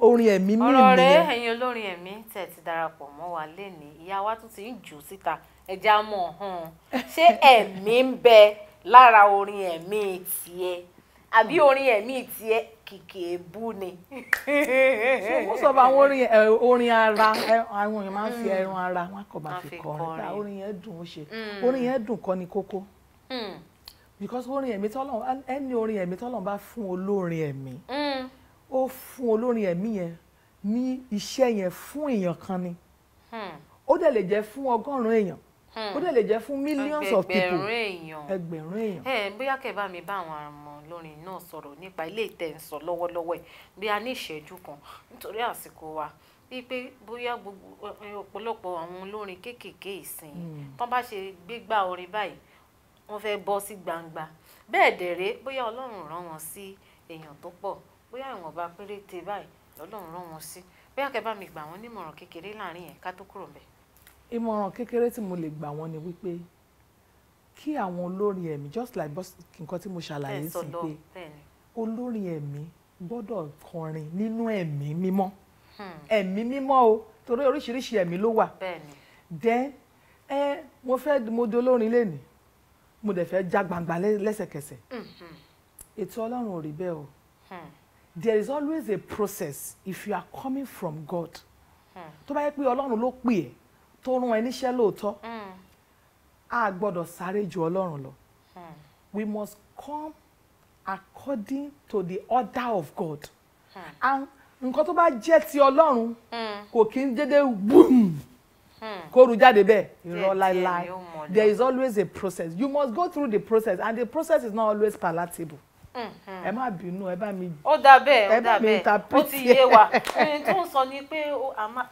orin ẹ̀mí mí nìyẹn. ọ̀rọ̀ rẹ ẹ̀yin olórin ẹ̀mí tẹ̀ ti darapọ̀ mọ́ wa lénìí ìyá wa tún ti ń jù síta ẹja mọ̀ ọ́n ṣé ẹ̀mí ń bẹ lára orin ẹ̀mí tiẹ̀ àbí orin ẹ̀mí tiẹ̀ kìkì èbú ni. wọ́n sọ fún àwọn orin ara àwọn èèyàn máa ń fi ẹran ara wọn kò máa fi kọ orin ah, orin yẹn dùn ó ṣe hmm. orin yẹn dùn kọ́ ni kókó hmm. because orin ẹ̀mí tọ́lọ̀ ẹni orin ẹ̀mí tọ́lọ̀ bá fún olórin ẹ̀mí hmm. ó fún olórin ẹ̀mí yẹn ní iṣẹ́ yẹn fún èèyàn kan ni ó dẹ̀ lè jẹ́ fún ọgọ́rùn-ún èèyàn ó dẹ̀ lè jẹ́ fún millions of people ẹgbẹ̀rún èèyàn. ẹ eh, bóyá kẹ́ bá mi bá àwọn àmọ́ olórin náà sọ̀rọ̀ nípa ilé ìtẹ̀sán lọ́wọ́lọ́wọ́ ẹ̀ bí a ní ìṣẹ́jú kan nítorí àsìkò wa bíi pé bóyá gbogbo ọ̀pọ̀lọpọ̀ àwọn olórin kéékèèké ìsìn hmm. tó bá ṣe gbégbá orin báyìí wọ́n fẹ́ bọ́ sí gbangba bẹ́ẹ̀ dẹ̀rẹ́ bóyá ọlọ́run rán wọn sí èèyàn tó pọ̀ bóyá ìwọ̀nba péréte báyìí lọ́lọ́run rán wọn sí bóyá kẹ́ bá mi gbà wọ́n nímọ̀ràn kékeré láàrin yẹn ká tó kúrò ńbẹ̀. ìmọ̀ràn kékeré tí mo lè gbà wọ́n ni wípé kí àwọn olórin ẹ̀mí just like nǹkan tí mo ṣàlàyé sí pé olórin ẹ̀mí gbọ́dọ̀ kọrin nínú ẹ̀mí mímọ́ hmm. ẹ̀mí mímọ́ o torí oríṣiríṣi ẹ̀mí ló wà then ẹ mo fẹ́ mo di olórin lẹ́nìí mo dẹ̀ fẹ́ já gbangba lẹ́sẹ̀kẹsẹ̀ mm-hmm. ètò ọlọ́run ò rí bẹ́ẹ̀ o hmm. there is always a process if you are coming from God hmm. tó bá yẹ pé ọlọ́run ló pè ẹ́ tó rán ẹ níṣẹ́ lóòótọ́ a gbọ́dọ̀ sáré ju Ọlọ́run lọ hmm. we must come according to the order of God hmm. and nǹkan tó bá jẹ́ ti Ọlọ́run hmm. kò kí ń dédé wúm hmm. kó jáde bẹ́ẹ̀ irọ́ láéláé there is always a process you must go through the process and the process is not always palatable ẹ má bínú ẹ bá mi. ó dà bẹ́ẹ̀ ó dà bẹ́ẹ̀ ó ti yé wa ohun tó ń sọ ni pé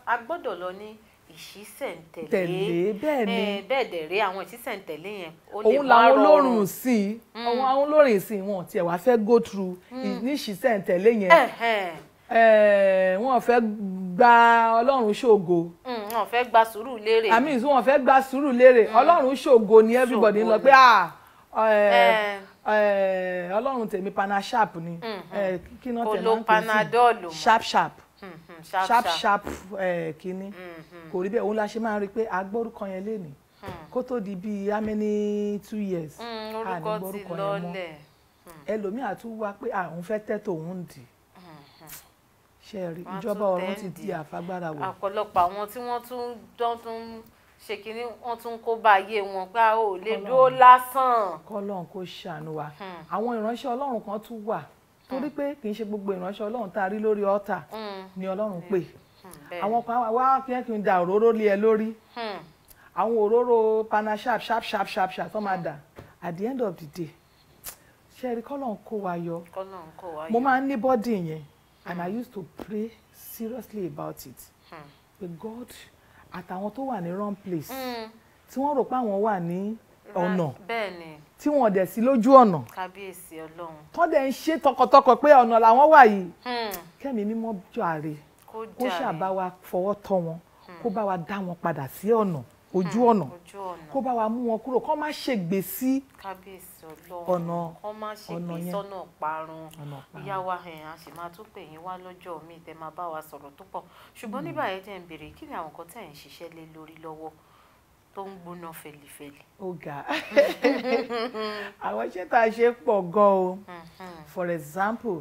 a gbọ́dọ̀ lọ ní ìṣísẹ̀ ń tẹ̀lé bẹ́ẹ̀ dẹ̀ rí àwọn ìṣísẹ̀ ń tẹ̀lé yẹn ó lè máa rọrùn òun làwọn olórin sí i mm. àwọn olórin sí i wọn tiẹ̀ wá fẹ́ go through mm. ní ìṣísẹ̀ ń tẹ̀lé yẹn wọn fẹ́ gba ọlọ́run ṣògo mm, wọn fẹ́ gba sùúrù lérè àmì ìsú wọn fẹ́ gba sùúrù lérè ọlọ́run ṣògo ni everybody ń lọ pé ah ọlọ́run tèmi panasharp ni mm-hmm. kí náà tẹ̀ máa ń pè sí sharp sharp. Mm, sharp sharp eh, kínní mm-hmm. kò rí bẹ́ẹ̀ òun la ṣe máa rí i pé agbórúkọ yẹn lénìí hmm. kó tó di bíi how many two years mm, a ní gbórúkọ yẹn mọ́ hmm. ẹlòmíà tún wá pé àwọn fẹ́ hmm. tẹ́ tòun dì í ṣe rí ìjọba ọ̀run ti di àfagbára wò. ọ̀pọ̀lọpọ̀ àwọn tí wọ́n tún dán tún ṣe kínní wọ́n tún kó bá ayé wọn pé a ò lè dúró lásán. kọ́lọ́n kó ṣàánú wa àwọn ìránṣẹ́ ọlọ́run kan tún wà torí pé kì í ṣe gbogbo ìránṣẹ́ ọlọ́run tá a rí lórí ọ̀tà mm. ni ọlọ́run pè mm. Mm. àwọn kan wá kí ẹ kí n da òróró lé ẹ lórí àwọn òróró pana sharp sharp sharp sharp sharp tó máa dà at the end of the day ṣe rí kọ́lọ́n kó wa yọ mo máa ń ní bọ́dì yẹn and I used to pray seriously about it pé God àtàwọn tó wà ní wrong place tí wọ́n rò pé àwọn wà ní ọ̀nà tí wọn dẹ̀ sí lójú ọ̀nà kábíyèsí ọlọ́run tán dẹ̀ ń ṣe tọkọtọkọ pé ọ̀nà làwọn wà yìí hmm. kẹ́mi mímọ́ jàre kó ṣàbá wa fọwọ́ tọ́ wọn hmm. kó bá wa dá wọn padà sí hmm. ọ̀nà ojú ọ̀nà kó bá wa mú wọn kúrò kó má ṣègbè sí kábíyèsí ọlọ́run kó má ṣègbè sọ́nà parun ìyá wa hàn á sì máa tún pè yín wá lọ́jọ́ mi tẹ́ máa bá wa sọ̀rọ̀ tó pọ̀ ṣùgbọ́n nígbà yẹn ń béèrè kí ni àwọn kan tẹ́ ń ṣiṣẹ́ lé lórí lọ́wọ́ tó ń gbóná fẹlifẹli. ó ga àwọn iṣẹ́ tá a ṣe pọ̀ gan o mm-hmm. for example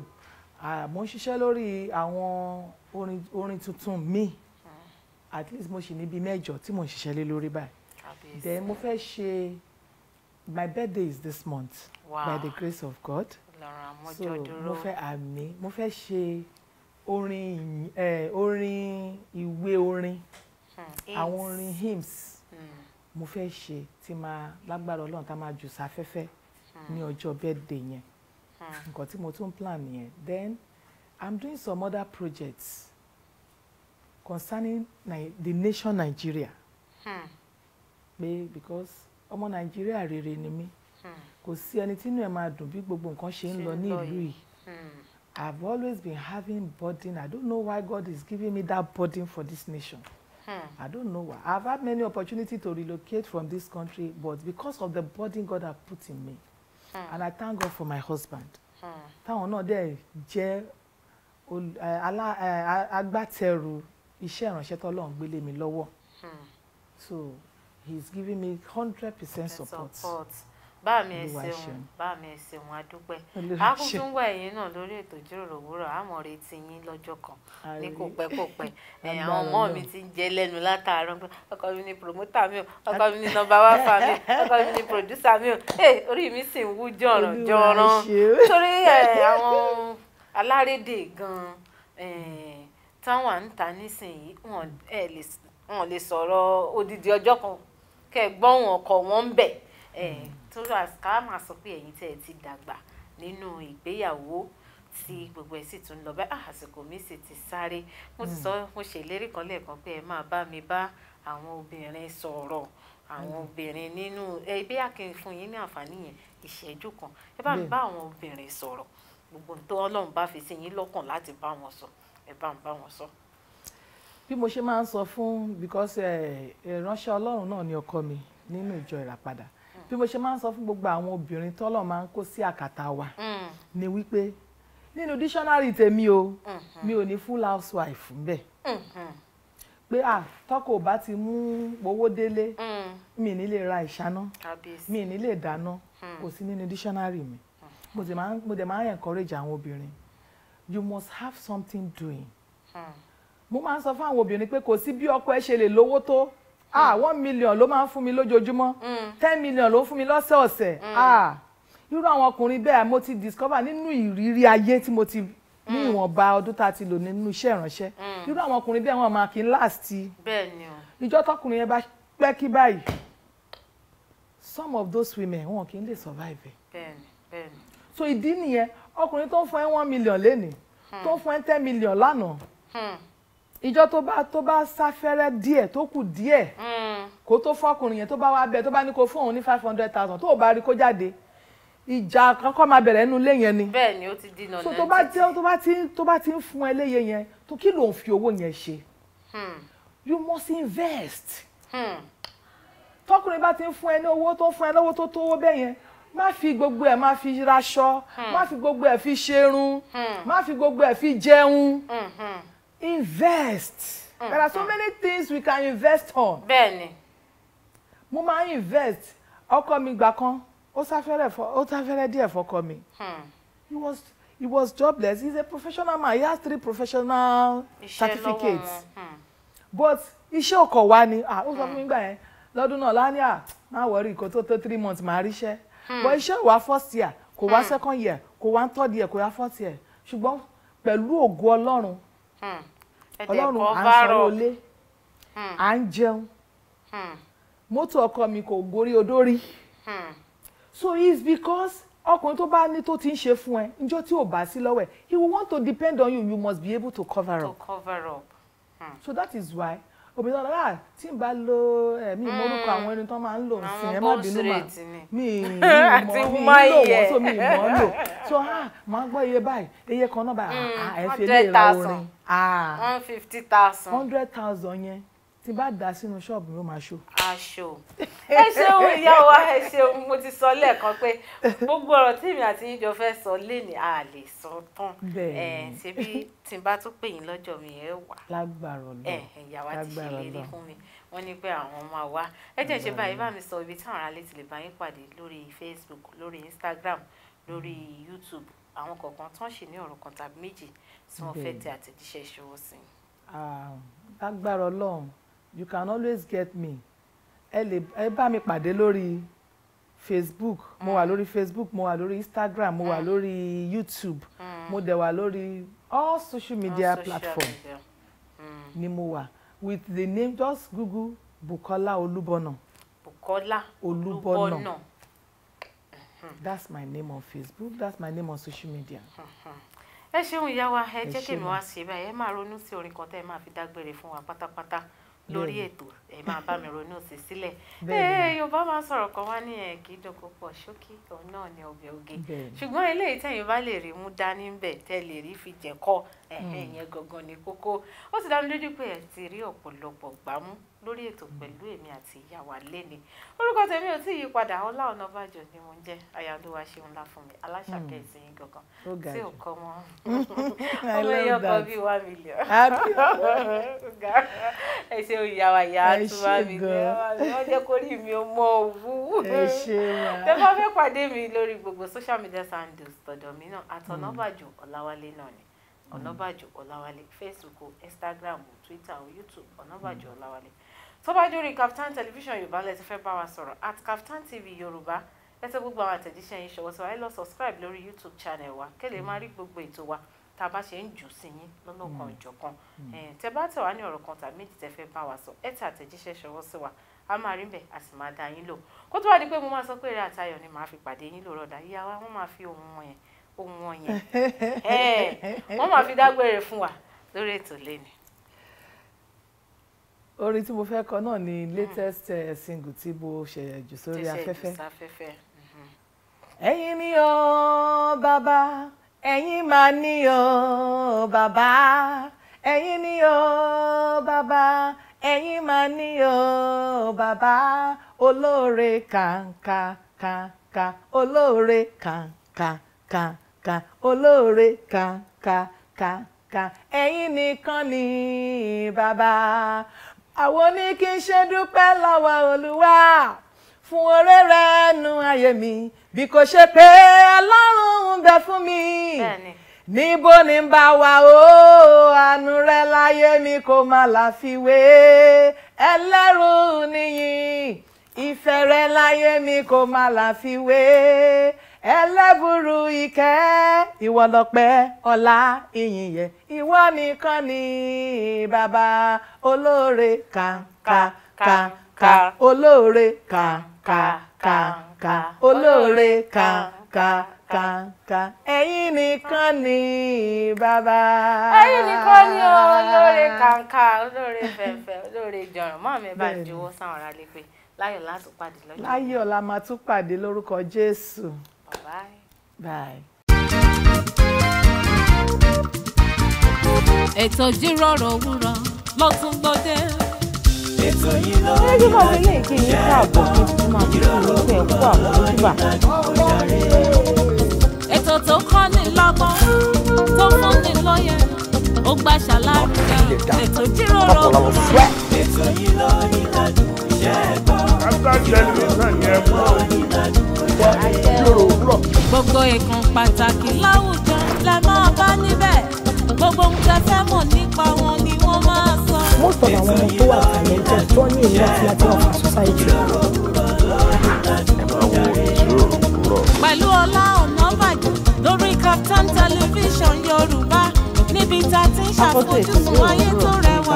mo ń ṣiṣẹ́ lórí àwọn orin tuntun mi mm. at least mo ṣì ní bíi mẹ́jọ tí mo ń ṣiṣẹ́ lé lórí báyìí then mo fẹ́ ṣe my birthday is this month wow. by the grace of God so mo fẹ́ àmì mo fẹ́ ṣe orin orin ìwé orin hmm, àwọn orin hymns. Mm mo fẹ́ ṣe tí ma lágbára ọlọ́run tá máa jù sáfẹ́fẹ́ hmm. ní ọjọ́ birthday yẹn hmm. nǹkan tí mo tún plan nìyẹn then i'm doing some other projects concerning the nation Nigeria hmm. pé hmm. because ọmọ Nàìjíríà rere ni mí kò sí ẹni tínú ẹ máa dùn bí gbogbo nǹkan ṣe ń lọ ní ìlú yìí i've always been having burden i don't know why God is giving me that burden for this nation. Hmm. Hmm. I don't know why. I've had many opportunities to relocate from this country, but because of the burden God has put in me, hmm. and I thank God for my husband. Hmm. Táwọn náà dẹ̀ jẹ́ agbátẹrù iṣẹ́ ìránṣẹ́ tọ́lọ́run gbélé mi lọ́wọ́. Hmm. So he's giving me hundred percent support. support bá mi ẹ ṣeun bá mi ẹ ṣeun adúpẹ́ akúntúngbà ẹ̀yin náà lórí ètò ìjíròrò òwúrọ̀ àmọ́ retí yín lọ́jọ́ kan ní kò pẹ́ kò pẹ́ ẹ̀yìn àwọn ọmọ mi ti ń jẹ lẹ́nu látàárọ̀ pé ọkọ mi ni promota mi o ọkọ mi ni nọ́mbà wá fa mi ọkọ mi ni pòdúsà mi o ee eh, orí mi sì ń wú jọ̀ràn jọ̀ràn torí eh, àwọn alárédè gan-an eh, táwọn à ń ta nísìnyí wọn lè sọ̀rọ̀ odidi ọjọ́ kan kẹ́ gbọ́n wọn ọkọ̀ wọn ń bẹ̀ torí ká máa sọ pé ẹ̀yin tẹ́ ẹ ti dàgbà nínú ìgbéyàwó tí gbogbo ẹ̀ sì tún lọ bẹ́ẹ̀ ah, àsìkò mi sì ti sáré mo ti sọ mo ṣèlérí kan lẹ́ẹ̀kan pé ẹ máa bá mi bá àwọn obìnrin sọ̀rọ̀ àwọn mm. obìnrin nínú ẹ bí akin fún yín ní àǹfààní yẹn ìṣẹ́jú kan ẹ bá mi bá àwọn obìnrin sọ̀rọ̀ gbogbo tó ọlọ́run bá fi sí yín lọ́kàn láti bá wọn sọ ẹ bá ń bá wọn sọ. bí mo ṣe máa ń sọ fún because eh, ìránṣẹ́ ọlọ́run náà ni ọkọ mi nínú ìjọ ìràpadà bí mo ṣe máa ń sọ fún gbogbo àwọn obìnrin tọ́lọ̀ máa ń kó sí àkàtà wa mm. ni wípé nínú dictionary tèmi o mm-hmm. mi ò ní full housewife ńbẹ mm-hmm. pé à tọkọ ò bá ti mú owó délé mm. mi ní lè ra ìṣáná mi ní lè dáná mm. kò sí nínú dictionary mi mm-hmm. mo dẹ̀ máa ń encourage àwọn obìnrin you must have something doing mo máa ń sọ fún àwọn obìnrin pé kò sí bí ọkọ ẹ ṣe lè lówó tó ah one million ló máa ń fún mi lójoojúmọ́ mm. ten million ló ń fún mi lọ́sẹ̀ọ̀sẹ̀ mm. ah irú àwọn ọkùnrin bẹ́ẹ̀ mo ti discover nínú ìrírí ayé tí mo ti mm. ní ìwọ̀nba ọdún tá a ti lò nínú iṣẹ́ ìránṣẹ́ irú àwọn ọkùnrin bẹ́ẹ̀ wọn máa kí n last ìjọ tọkùnrin yẹn bá pẹ́ kí báyìí some of those women wọn kì í lè survive ẹ̀ so ìdí nìyẹn ọkùnrin tó ń fún ẹ one million lénìí tó ń fún ẹ ten million lánàá ìjọ tó bá tó bá sáfẹ́rẹ́ díẹ̀ tó kù díẹ̀ hmm. kó tó fọkùnrin yẹn tó bá wá bẹ tó bá ní kó fún òun ní five hundred thousand tó o bá rí kó jáde ìjà kankan máa bẹ̀rẹ̀ nínú ilé yẹn ni bẹ́ẹ̀ ni ó ti di nọ̀nà tó bá ti tó bá ti tó bá ti ń fún ẹ léye yẹn tó kí ló ń fi owó yẹn ṣe hmm. you must invest hmm. tọkùnrin bá ti ń fún ẹ ní owó tó ń fún ẹ lówó tó tó owó bẹ́ẹ̀ yẹn má fi gbogbo ẹ má fi raṣọ má fi gbogbo ẹ fi ṣerun má fi gbogbo ẹ fi jẹun invest mm. there are so mm. many things we can invest on. bẹ́ẹ̀ni. mo máa ń invest ọkọ mi gbà kan ó sáfẹ́rẹ́ fọ ó sáfẹ́rẹ́ díẹ̀ fọkọ mi. Hmm. he was he was jobless he is a professional man he has three professional certificates hmm. but iṣẹ́ ọkọ̀ wa ni ah, ó sọ fún mi hmm. gbà yẹn lọ́dún náà lánìí à ah, má wọrí nǹkan tó tó three months máa ríṣẹ́ but iṣẹ́ wa first year kò wá second year kò wá third year kò wá fourth year ṣùgbọ́n pẹ̀lú ògo Ọlọ́run ọlọ́run à ń sanwó ilé hmm. à ń jẹun hmm. mọ́tò ọkọ mi kò gorí odó rí hmm. so it's because ọkùnrin tó bá ní tó ti ń ṣe fún ẹ níjọ́ tí ò bá sí lọ́wọ́ ẹ he will want to depend on you you must be able to cover up to cover up so that is why obìnrin náà ah tí n bá lo ẹ̀mí eh, ìmọ̀lùkọ hmm. àwọn ẹni tó máa ń lò sí ẹ̀ má bínú mà mí ìmọ̀ mí lò wọ́n so mí ìmọ̀ lò so ah màá gbọ́ iye báyìí iye kan náà báyìí ah, hmm, ah ẹ fi eléyìí lọ orin ah one fifty thousand hundred thousand yẹn tí bá dà sínú ṣọ́ọ̀bù ló máa ṣó. aṣọ ẹ ṣeun ìyá wa ẹ ṣeun mo ti sọ lẹ́ẹ̀kan pé gbogbo ọ̀rọ̀ tèmi àti yíjọ fẹ́ sọ léni a lè sọ tán ẹ ṣebí tí n bá tún pè yín lọ́jọ́ mi ẹ wà. lágbàrọ̀ lọ ẹ ìyá wa ti ṣe lérí fún mi wọ́n ní pé àwọn máa wá ẹ jẹ́ ìṣe báyìí bá mi sọ ibi táwọn ará létí lè bá yín pàdé lórí Facebook lórí Instagram lórí YouTube àwọn kọ̀ọ̀kan tán ṣì ní ọ̀rọ̀ kan tàbí méjì tí wọ́n fẹ́ tẹ àtẹ̀jíṣẹ́ ṣọwọ́ sí. lágbára Ọlọ́run you can always get me ẹ lè ẹ bá mi pàdé lórí facebook mo wà mm. lórí facebook mo wà lórí instagram mo wà mm. lórí youtube mm. mo dẹ̀ wà lórí all social media all platform media. ni mo wà with the name just google Bukola Olúbọ̀nà. Bukola Olúbọ̀nà. Mm-hmm. that's my name on facebook that's my name on social media. Mm-hmm. ẹ ṣeun ìyá wa ẹ jẹ́ kí èmi wá sí ibà ẹ máa ronú sí orin kan tẹ́ ẹ máa fi dágbére fún wa pátápátá lórí ètò ẹ máa bá mi ronú sí sílẹ̀ ẹ yorùbá máa sọ̀rọ̀ kan wá ní kì í dọkọ pọ ṣókí òun náà ni ọbẹ̀ oge ṣùgbọ́n eléyìí tẹ̀yin bá lè rí mú dání bẹ tẹ lè rí fi jẹkọ ẹyìn hmm. gangan ní kókó ó sì dá mi lójú pé ẹ ti rí ọ̀pọ̀lọpọ̀ gbámú lórí ètò pẹ̀lú èmi àti ìyá wa lẹ́ni orúkọ tèmi ò tí ì padà Ọlá Ọ̀nàbàjọ ni mo ń jẹ́ ayálúwa ṣeun ńlá fún mi aláṣàkẹ́ hmm. ìsìn gangan tí ò kọ́ mọ́ ọmọ ẹ̀yọ́ kan bíi one million ẹ ṣe ìyá wa ìyá àtúwá mi ni wọ́n jẹ́ kó rí mi ó mọ òwú tẹ́ bá fẹ́ pàdé mi lórí gbogbo social media handles tọ̀dọ̀ mi náà àtọ̀nàbàjọ hmm. Ọ̀làwálé náà ni hmm. Ọ̀nàbàjọ Ọláwálé Facebook o Instagram Twitter YouTube Ọ̀nàbàjọ Ọláwálé. Mm tó bá dórí Kaftan television yorùbá lẹ ti fẹ́ bá wa sọ̀rọ̀ at Kaftan TV yorùbá ẹ tẹ gbogbo àwọn àtẹ̀jíṣẹ́ yín ṣọwọ́ sọ ẹ lọ subscribe lórí youtube channel wa kẹ́lẹ́ máa rí gbogbo ètò wa tá a bá ṣe ń jù sí yín lọ́lọ́kan hmm. ìjọ̀kan hmm. tẹ bá tẹ̀ wá ní ọ̀rọ̀ kan tàbí méjì tẹ fẹ́ bá wa sọ ẹ tẹ àtẹ̀jíṣẹ́ ṣọwọ́ sí wa a máa rí bẹ̀ a sì máa dá yín lò kó tó wá di pé mo máa sọ pé eré àtayọ̀ ni màá fi pàdé yín lòrọ̀ dá yíyá wa wọ́n máa fi ohun wọn yẹn ohun wọn wọ́n máa fi dágbére fún wa lórí ètò lẹ́nu orin tí mo fẹ́ kọ náà ni hmm. latest eh, single tí mo ṣẹ̀ṣẹ̀ jù sórí afẹ́fẹ́. Mm-hmm. ẹ̀yin ni o bàbá ẹ̀yin máa ní o bàbá ẹ̀yin ni o bàbá ẹ̀yin máa ní o bàbá olóore kàǹkà kàǹkà olóore kàǹkà kàǹkà olóore kàǹkà kàǹkà ẹ̀yin nìkan ni bàbá àwọn ní kí n ṣe dúpẹ́ lọ́wọ́ olúwa fún oore rẹ̀ nu ayé mi bí kò ṣe pé ọlọ́run ń bẹ fún mi níbo ni ń bá wa o àánú rẹ̀ láyé mi kò má láfiwé ẹlẹ́rù nìyí ìfẹ́ rẹ̀ láyé mi kò má láfiwé ẹlẹ́bùrú ìkẹ́ ìwọ lọ́pẹ́ ọlá ìyìn yẹ ìwọ nìkan ni bàbá olóore kàǹkàǹkà olóore kàǹkàǹkà olóore kàǹkàǹkà ẹ̀yin nìkan ni bàbá. ẹ̀yin nìkan ni olóore kàǹkà olóore fẹ̀fẹ̀ olóore jọ̀rọ̀ mọ́ mi bá jọ̀wọ́ sáwọn ará lé láyọ̀ la tún pàdé lọ́jọ́. láyọ̀ la máa tún pàdé lórúkọ Jésù. Bye. Bye. ètò ìjíròrò òwúrọ̀ ló tún gbòde. ètò yìí ló ń yọ ilé ìgbé yìí káàbọ̀ kí wọ́n máa fi ìlú ẹ̀ kú àbúrúbà. ètò tó kọ́ ni lọ́gbọ́n tó fún ni lóye ó gbà ṣàlàyé ètò ìjíròrò òwúrọ̀. ètò yìí ló ń yọ ìlànà ìṣẹ́ ẹ̀kọ́ wá jíròrò òwúrọ̀. gbogbo ìkan pàtàkì láwùjọ la máa bá níbẹ̀ gbogbo ohun tá fẹ́ mọ̀ nípa wọn ni wọ́n máa sọ. most of àwọn ọmọ tó wà talented tó ní ìlú àti àti ọ̀fà society. pẹ̀lú Ọlá Ọ̀nàbàjọ lórí captain, television Yorùbá níbi tá a ti ń ṣàfojúsùn ayé tó rẹwà.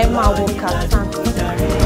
ẹ máa wo Kaftan.